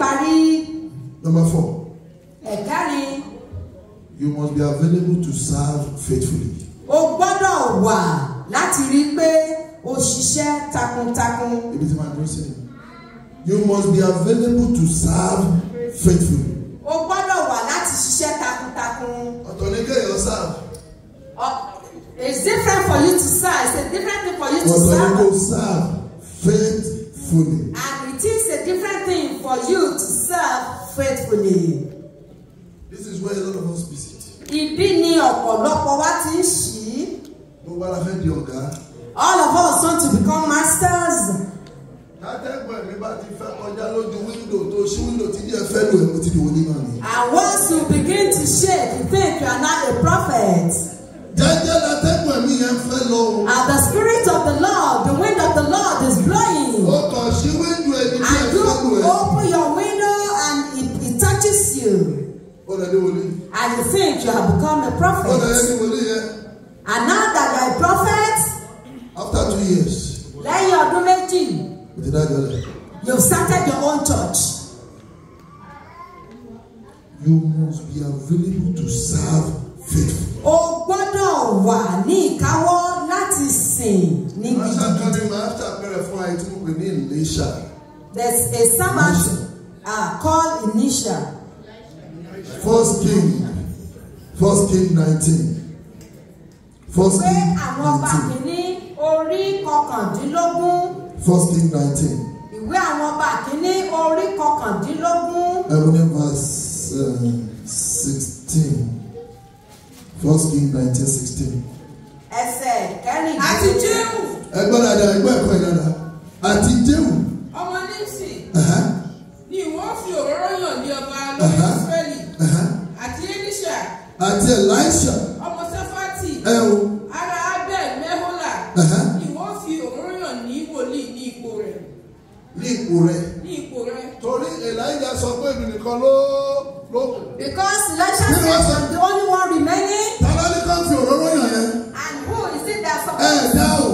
A: parí. number four. ẹ̀kẹ́rin. you must be available to serve faithfully. o gbọ́dọ̀ wà láti rí i pé o ṣiṣẹ́ takuntakun. ibi tí màá dúró sí ni you must be available to serve faithfully. o gbọ́dọ̀ wà láti ṣiṣẹ́ takuntakun. ọ̀tọ̀ ni kéèyàn serve. It's different for you to serve. It's a different thing for you to serve. Ọ̀tọ̀ ni kò serve faithfully. Jésù This is where a lot of us visit. Ibi ni ọ̀pọ̀lọpọ̀ wa ti ń ṣí. Gbogbo ara fẹ́ di ọ̀gá. All of us want to become masters. Látẹ́gbọ̀n mi bá ti fẹ́ kọjá lójú wíńdò tó ṣí wíńdò tí díẹ̀ fẹ́ lò ẹ̀kọ́ ti di onímọ̀ mi. And once you begin to shake, you think you are not a prophet. Jẹ́jẹ́ látẹ́gbọ̀n mi yẹn fẹ́ lọ. At the spirit of the Lord, the wind of the Lord. And you think you have become a prophet. And
B: now that you are a
A: prophet, after two years, lẹ́yìn ọdún méjì, you've started your own church. You must be available to serve faithfully. O gbọ́dọ̀ wà ní ìkáwọ́ láti sìn ní gidi. Máṣá kan ní máa ṣàpẹẹrẹ fún àìtúmọ̀ pé ní Elisha. There's a servant uh, called Initial. First King First King nineteen First King nineteen orí kọkàndínlógún. First King nineteen. Ìwé àwọn ọba kìíní orí kọkàndínlógún. Ebony verse uh, sixteen. First King nineteen sixteen. Ẹsẹ̀ kẹrin. Àti Jéhù. Ẹ gbọ́ dada ẹ gbọ́ ẹ̀kọ́ ẹ dada. Àti Jéhù. Ọmọ Nísì. Ni ìwọ́n fi òróró yàn ní ọba lórí Ísírẹ́lì àti elisha. àti elisha. ọmọ safati. ẹ o. ara abel mehola. ni wọ́n fi òróró yàn ní wòlíì ní ipò rẹ̀. ní ipò rẹ̀. ní ipò rẹ̀. torí elijah sọ pé èmi nìkan ló ló. because elisha said the only one remaining. tọ́lá ní kan fi òróró yàn yẹn. and who is it that for. ẹ dá o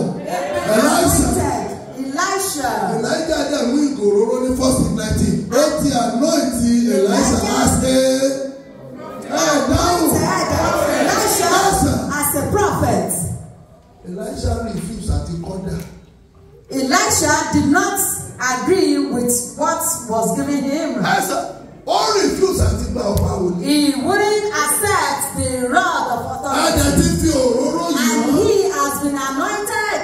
A: elisha. elisha. elijah dẹ̀ mú ìgò òróró ní first nineteen eighty and ninety. Elisha refused at the order.
B: Elisha
A: did not agree with what was given him. Ẹsẹ̀ ó refuse àti gba ọba wòlíì. He wouldn't accept the rod of authority. And he has been anointed.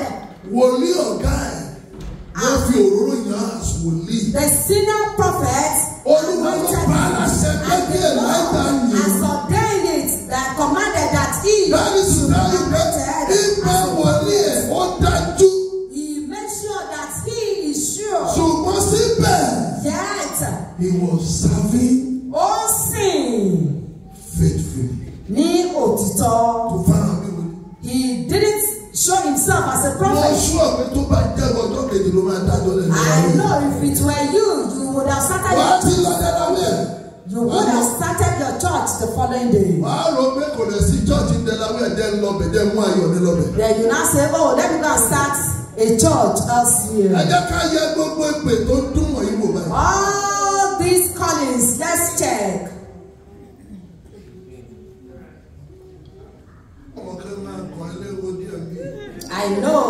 A: Wòlíì ọ̀gá ẹ̀ wọ́n ah. fi òróró yàn The senior prophet. Olúwa ló pa aláṣẹ pé kí Elijah yìí. And ordained it that commanded that he. That is Nígbà wọlé He made sure that he is sure. Ṣùgbọ́n síbẹ̀. Yet. He was serving. Ó sìn. Faithfully. He didn't show himself as a prophet. I know if it were you, you You would have started your church the following day lọ́bẹ̀ dẹ́ mú ayọ̀ ní lọ́bẹ̀. then you now say oh let me go and start a church elsewhere." ẹ jẹ́ ká yẹ gbogbo ìpè tó dùn wọ̀nyí wò báyìí. all these callings let's check. I know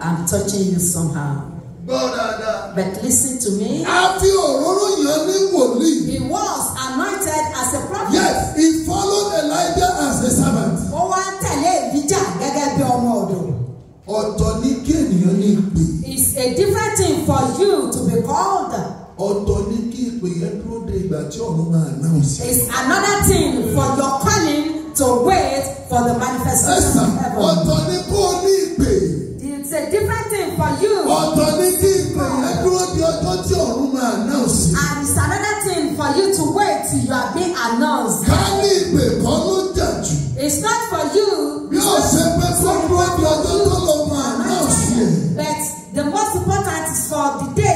A: I'm touching you somehow. But listen to me. He was anointed as a different thing for you to be called. Ọ̀tọ̀ ni kí ìpè yẹn dúró de ìgbà tí ọ̀run máa ná òsì. It's another thing for your calling to wait for the manifestation of heaven. Ọ̀tọ̀ ni kó o ní ìpè. It's a different thing for you. Ọ̀tọ̀ ni kí ìpè yẹn dúró de ọjọ́ tí ọ̀run máa ná òsì. And it's another thing for you to wait till you are being announced. Ká ní ìpè kọ́ ló jà jù. It's not for you. Bí o ṣe kó dúró de ọjọ́ tó lọ máa ná òsì. But The most important is for the day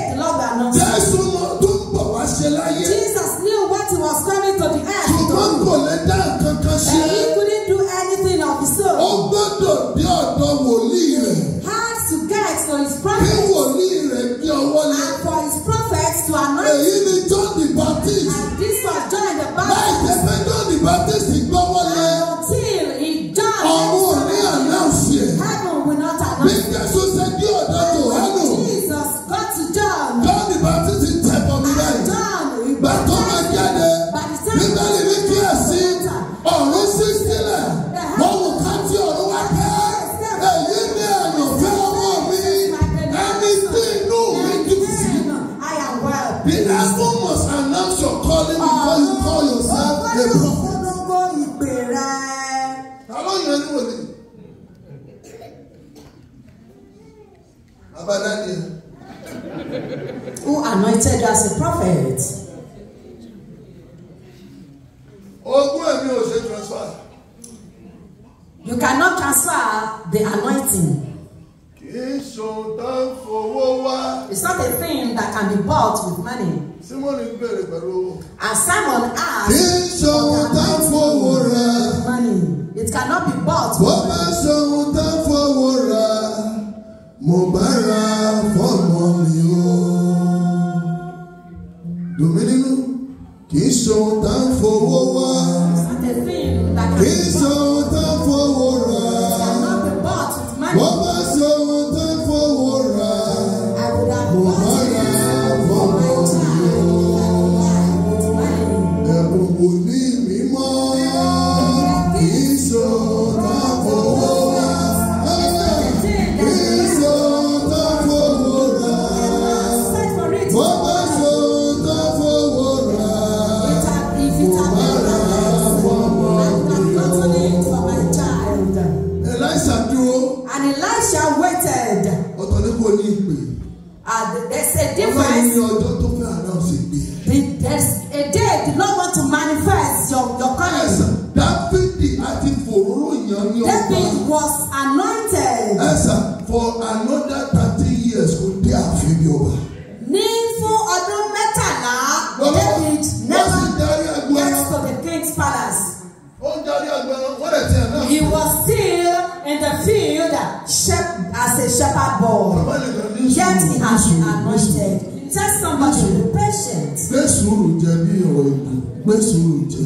A: anointed. Tell
B: somebody be patient.
A: Gbé sùúrù jẹ bí ọ̀rọ̀ ìlú. Gbé sùúrù jẹ.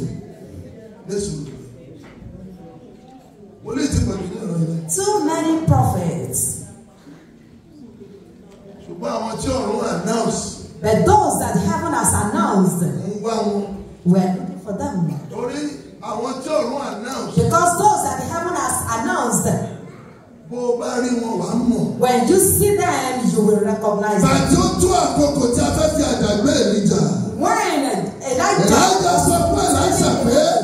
A: Gbé sùúrù jẹ. Mo lè ti pẹ̀lú ní ọ̀rọ̀ yẹn. Too many prophets. Ṣùgbọ́n àwọn tí ọ̀run announce. But those that heaven has announced. Ń wá wọn. We're looking for them. Torí àwọn tí ọ̀run announce. Because those that heaven has announced. Bó o bá rí wọn wàá mọ̀. When you see them, you will recognize them. Bàtí ó tó àkókò tí a fẹ́ fi àdàgbé Èlíjà. When Elijah. Elijah sọ fún Elijah pé.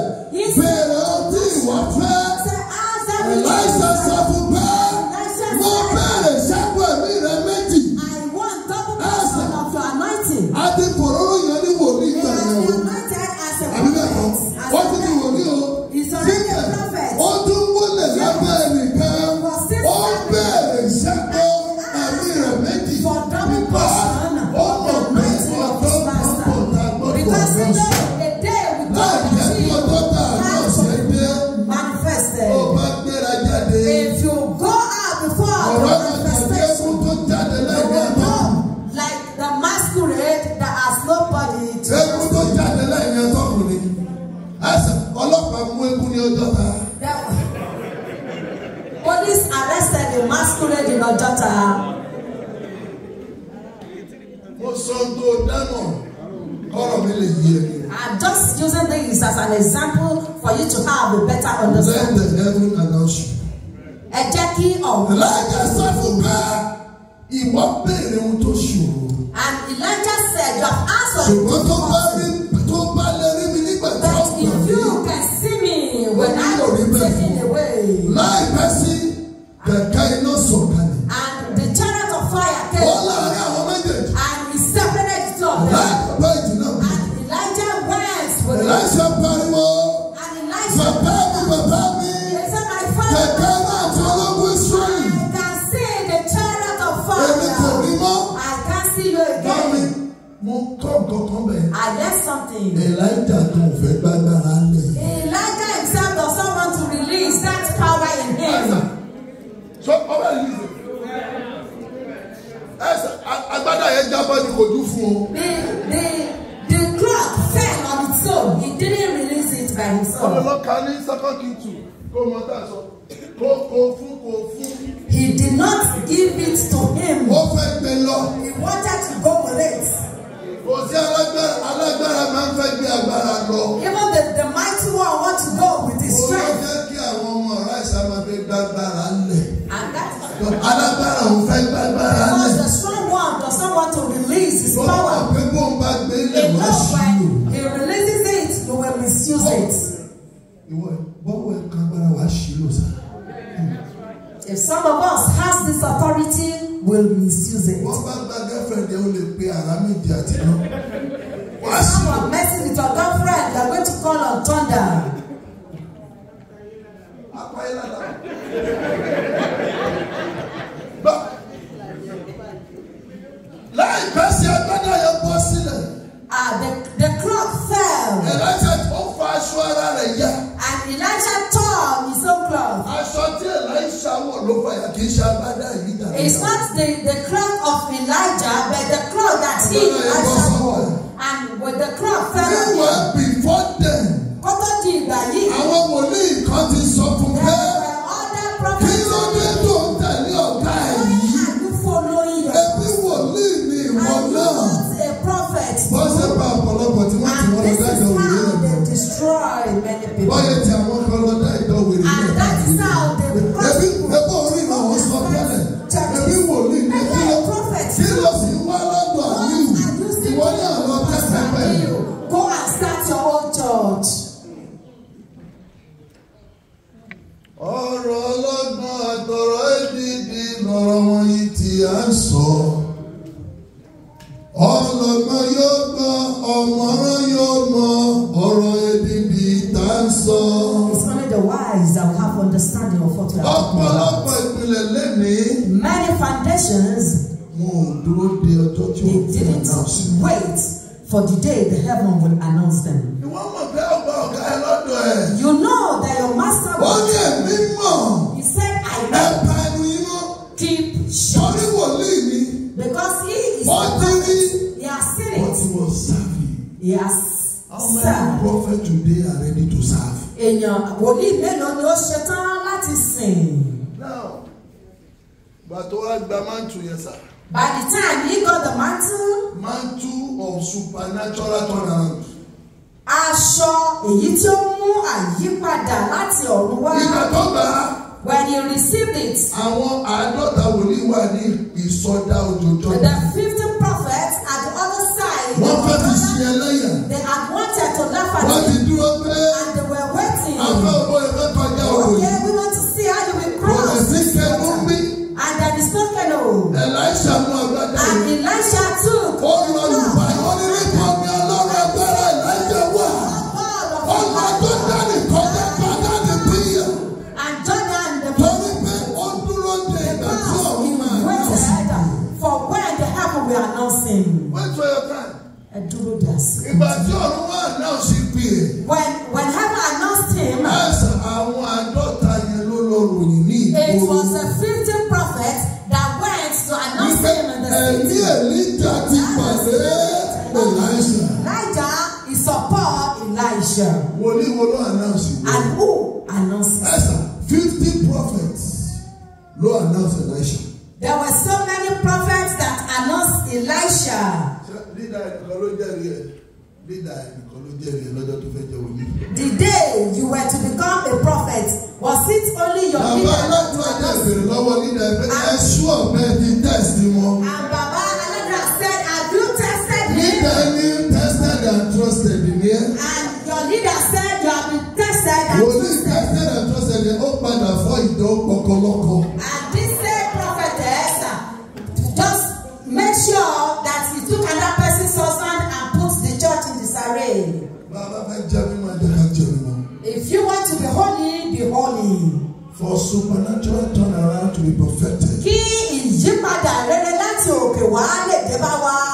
A: chosen this as an example for you to have a better understanding. Let the heaven announce you. Ẹ jẹ́ kí ọ̀hún. Elijah sọ̀rọ̀ bá ìwọ béèrè ohun tó ṣòro. And Elijah said, your answer is. Ṣùgbọ́n tó bá rí tó bá lè. something. Elijah tó fẹ́ gbàgbára lẹ̀. Elijah himself does not want to release that power in him. So ọba yìí ẹsẹ agbada yẹn jábọ́ ni kò dún fún un. The the the cloth fell on its own. He didn't release it by himself. Ọlọ́lọ́ka ní second king kó mọ tá a sọ kó kó fún kó fún. He did not give it to him. Ó fẹ́ gbẹ lọ. He wanted to go with Kò sí alágbára alágbára máa ń fẹ́ gbé agbára lọ. Even the the mighty one want to go with his strength. Ó yẹ kí àwọn ọmọ ọ̀rá ìsàmà fi gbàgbára lẹ̀. Alágbára ò fẹ́ gbàgbára lẹ̀. Because the strong one does not want to release his power. Ó pé bó ń bá gbé lè má sí o. He releases it, you will misuse it. Ìwọ bọ́wọ́ ẹ̀ka agbára wàá ṣí lò sá. If some of us has this authority will misuse it. wọ́n bá gba girlfriend yẹn o lè pe ara méjì àti náà. wọ́n á sùn. if you with your girlfriend you are going to call on thunder. láìpẹ́ sí agbádá yẹn bọ́ sílẹ̀. ah the the clock fell. Elijah tó fa aṣọ ara rẹ̀ yá. and Elijah tó. It's not the, the cloth of Elijah, but the cloth that he Elijah wore. And with the cloth fell on him. before them. Kó tó di ìgbà yìí. Àwọn wòlíì kan ti sọ fún pé. Kí ló dé tó ń tẹ̀lé
B: ọ̀gá ẹ̀ yìí?
A: Ẹbí wòlíì ni ìwọ náà. Wọ́n ṣe pa ọ̀pọ̀lọpọ̀ tí wọ́n ti wọ́n lọ dájọ́ òwe rẹ̀. Bọ́yẹ̀ tí àwọn kan lọ dá ìdánwò rẹ̀. And that is how they Jésù sì wá lọ́dọ̀ ní àwọn. For the day the heaven will announce them. You know that your master will. Ó ní ẹ̀mí He said I know. Ẹ pa ẹnu yín mọ́. Keep shut. Torí Because he is. Ó ti rí. He has seen it. But he has served. How many prophets today are ready to serve? Èèyàn wòlíì mélòó ni ó ṣetán láti sìn? Now, gbàtọ́ wa gba máa ń tu yẹn sáà. By the time he got the mantle. Mantle of supernatural turnaround. Aṣọ èyí tí ó mú àyípadà láti ọ̀run wá. Ìgbà tó gbà á. When he received it. Àwọn àádọ́ta wòlíì wà ní ìsọdá òjòjọ́. The fifty Elisha took. Ó lọ Yorùbá onírìnkù omi ọlọ́run agbára Elisha wà. Ọ̀nà tó pé ó dúró de For where the heaven we are now Wait for your time. Ẹ dúró de àsìkò. Ìgbà tí ọ̀run máa When when heaven. faith Elijah. Elijah is support Elijah. Wòlíì wo ló announce you? And who announces? Esther fifty prophets ló announce Elijah. There were so many prophets that announced Elijah. Lídà ẹnìkan ló ẹ̀. Lídà ẹnìkan ló ẹ̀ lọ́jọ́ tó fẹ́ jẹ́ òní. The day you were to become a prophet was it only your leader. Bàbá aláàbò ajá ìbèrè lọ́wọ́ lídà ẹ̀ ẹ̀ ṣú ọ̀bẹ ti tẹ̀sí wọn. Wòlíì dàsẹ́ jọ àbí tẹ̀sẹ̀ dàtúnṣe. Wòlíì dàsẹ́ dàtúnṣe ni ó padà fọ́ ìdán pọkọlọkọ.
B: Àdísẹ́ prophetess
A: just make sure that he took another person's husband and put the church in disarray. Bàbá fẹ́ jẹ́ mímọ́ ẹ̀jẹ̀ If you want to be holy, be holy. For supernatural turnaround to be perfected. Kí ìyípadà rere láti òkè wá lè dé bá wa.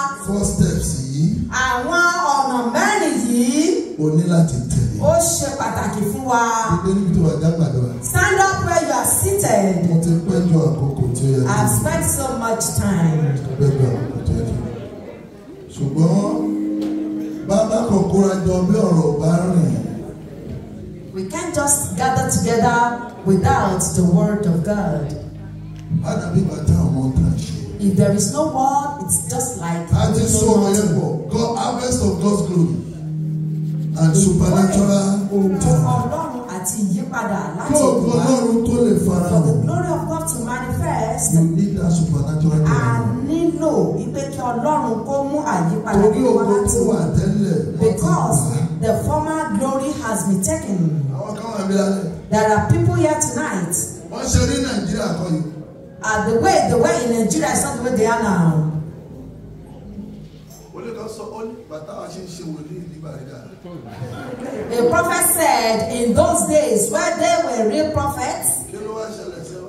A: o ní láti tẹ̀lé. ó ṣe pàtàkì fún wa. ìgbé níbi tó wà dágbàdúrà. stand up where you are seated. mo ti pẹ́ àkókò tí ó yẹ. I have spent so much time. pẹ́ àkókò tí ó yẹ. ṣùgbọ́n bàbá kan kóra jọ bí ọ̀rọ̀ bá rìn. We can't just gather together without the word of God. Bá bàtà àwọn kan ṣe. If there is no word, it's just like. A ti sọ ọ̀rọ̀ bọ̀, God harvest of God's glory and supernatural turn. Àti Ọlọ́run tó lè fara hàn. For the glory of God to manifest. You need that supernatural turn. A nílò wípé kí Ọlọ́run kó mú àyípadà tó wá láti. Torí wà tẹ́lẹ̀. Because the former glory has been taken. Àwọn kan wà bí lálẹ́. There are people here tonight. Wọ́n ṣe ní Nàìjíríà kọ́ yìí. And the way they were in Nigeria is not the way they are now sọ A prophet said in those days where there were real prophets.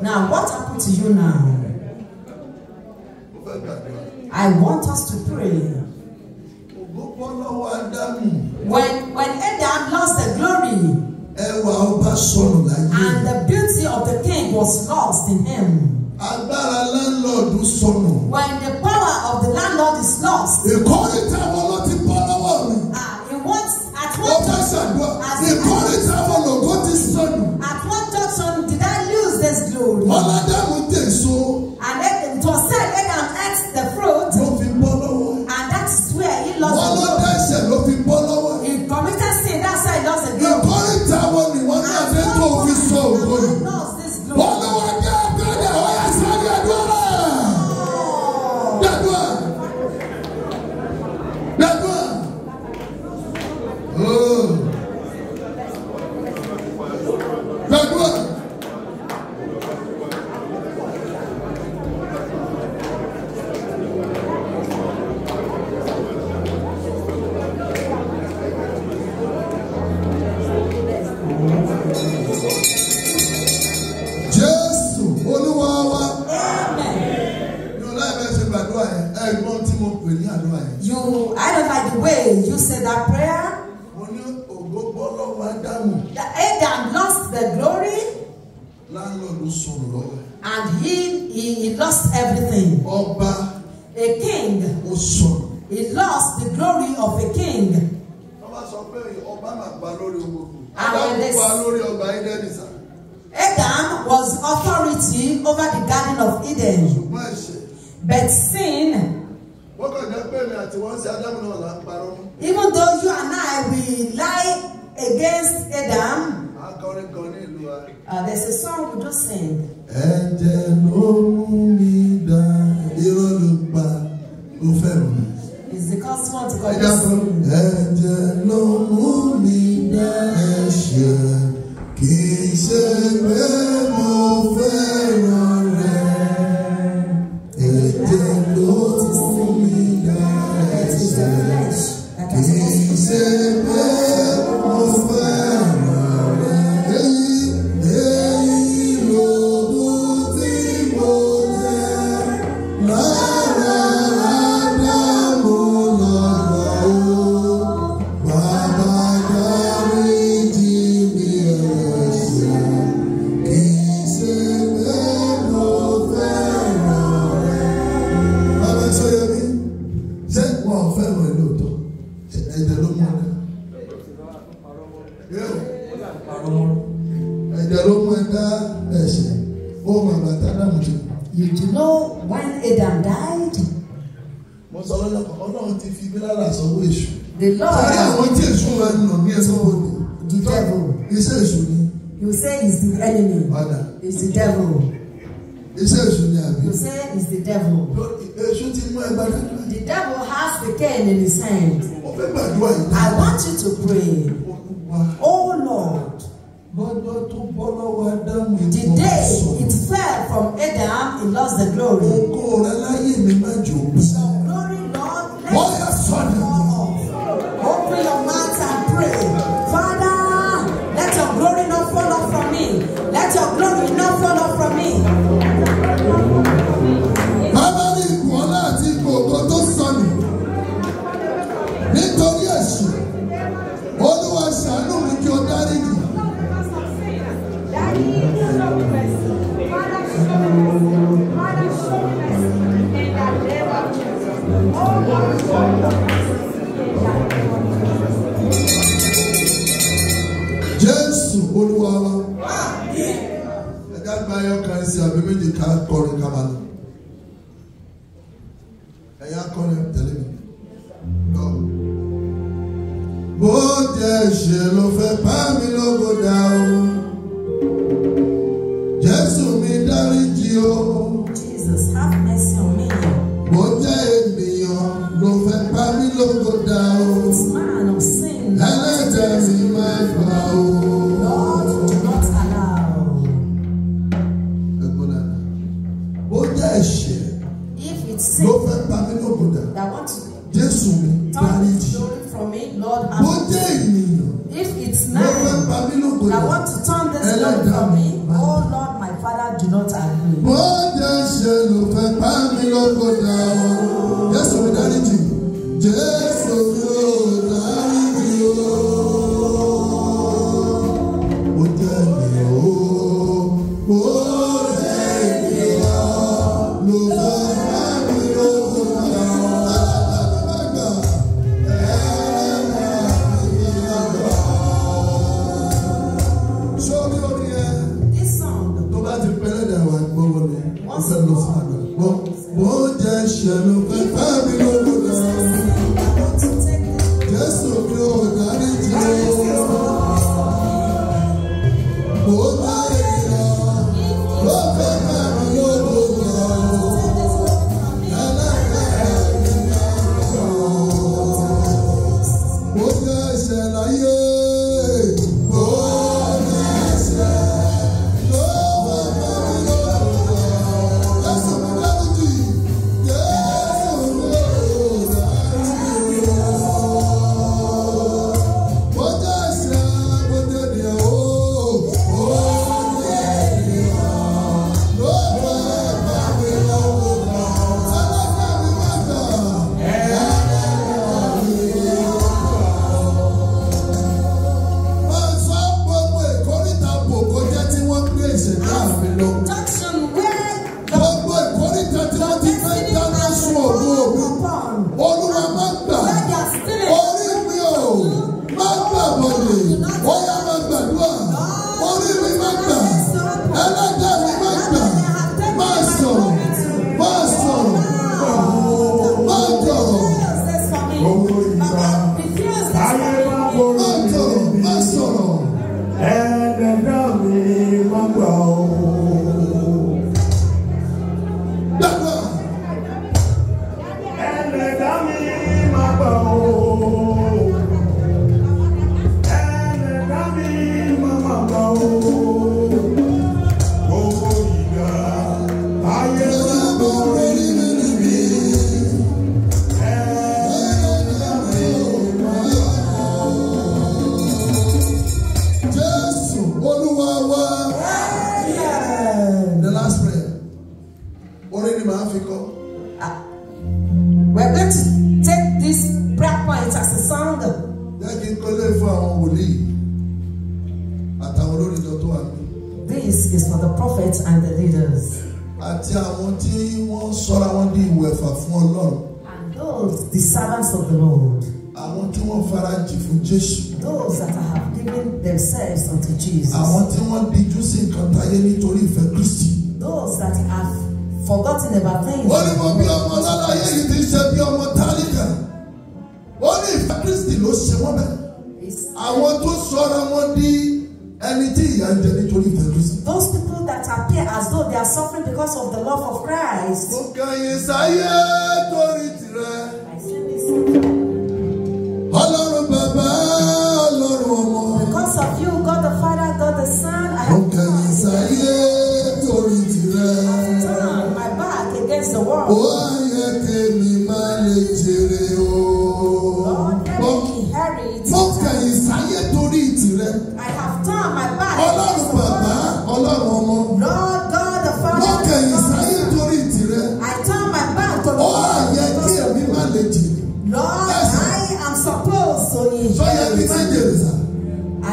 A: Now what happened to you now? I want us to pray. When when Adam lost the glory. And the beauty of the king was lost in him. When the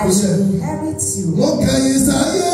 A: you.
B: Wọ́n kẹ́yìn sáyé.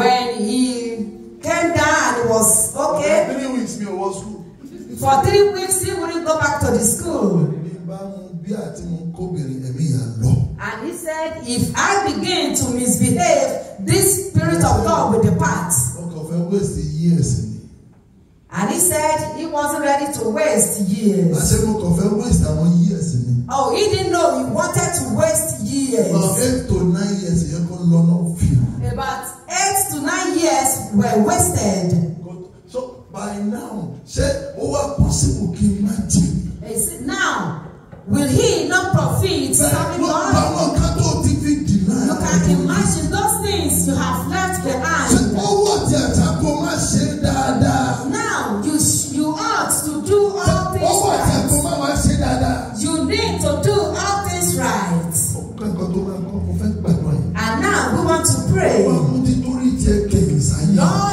A: when he came down and was okay. For three weeks mi ò school. For three weeks he wouldn't go back to the school. And he said if I begin to misbehave this spirit of God will depart. Ọkọ̀ fẹ́ wéṣẹ̀ yí ẹ̀sìn ni. And he said he wasn't ready to waste years. Àṣé mo kàn fẹ́ waste àwọn years mi. Oh, he didn't know he wanted to waste years. About eight to nine years yẹn kò lọ náà fi. About eight to nine years were wasted. So by now, ṣé ó wá possible kí n má jẹ? Now, will he not profit from the money? You can imagine those things you have left want to pray. Lord,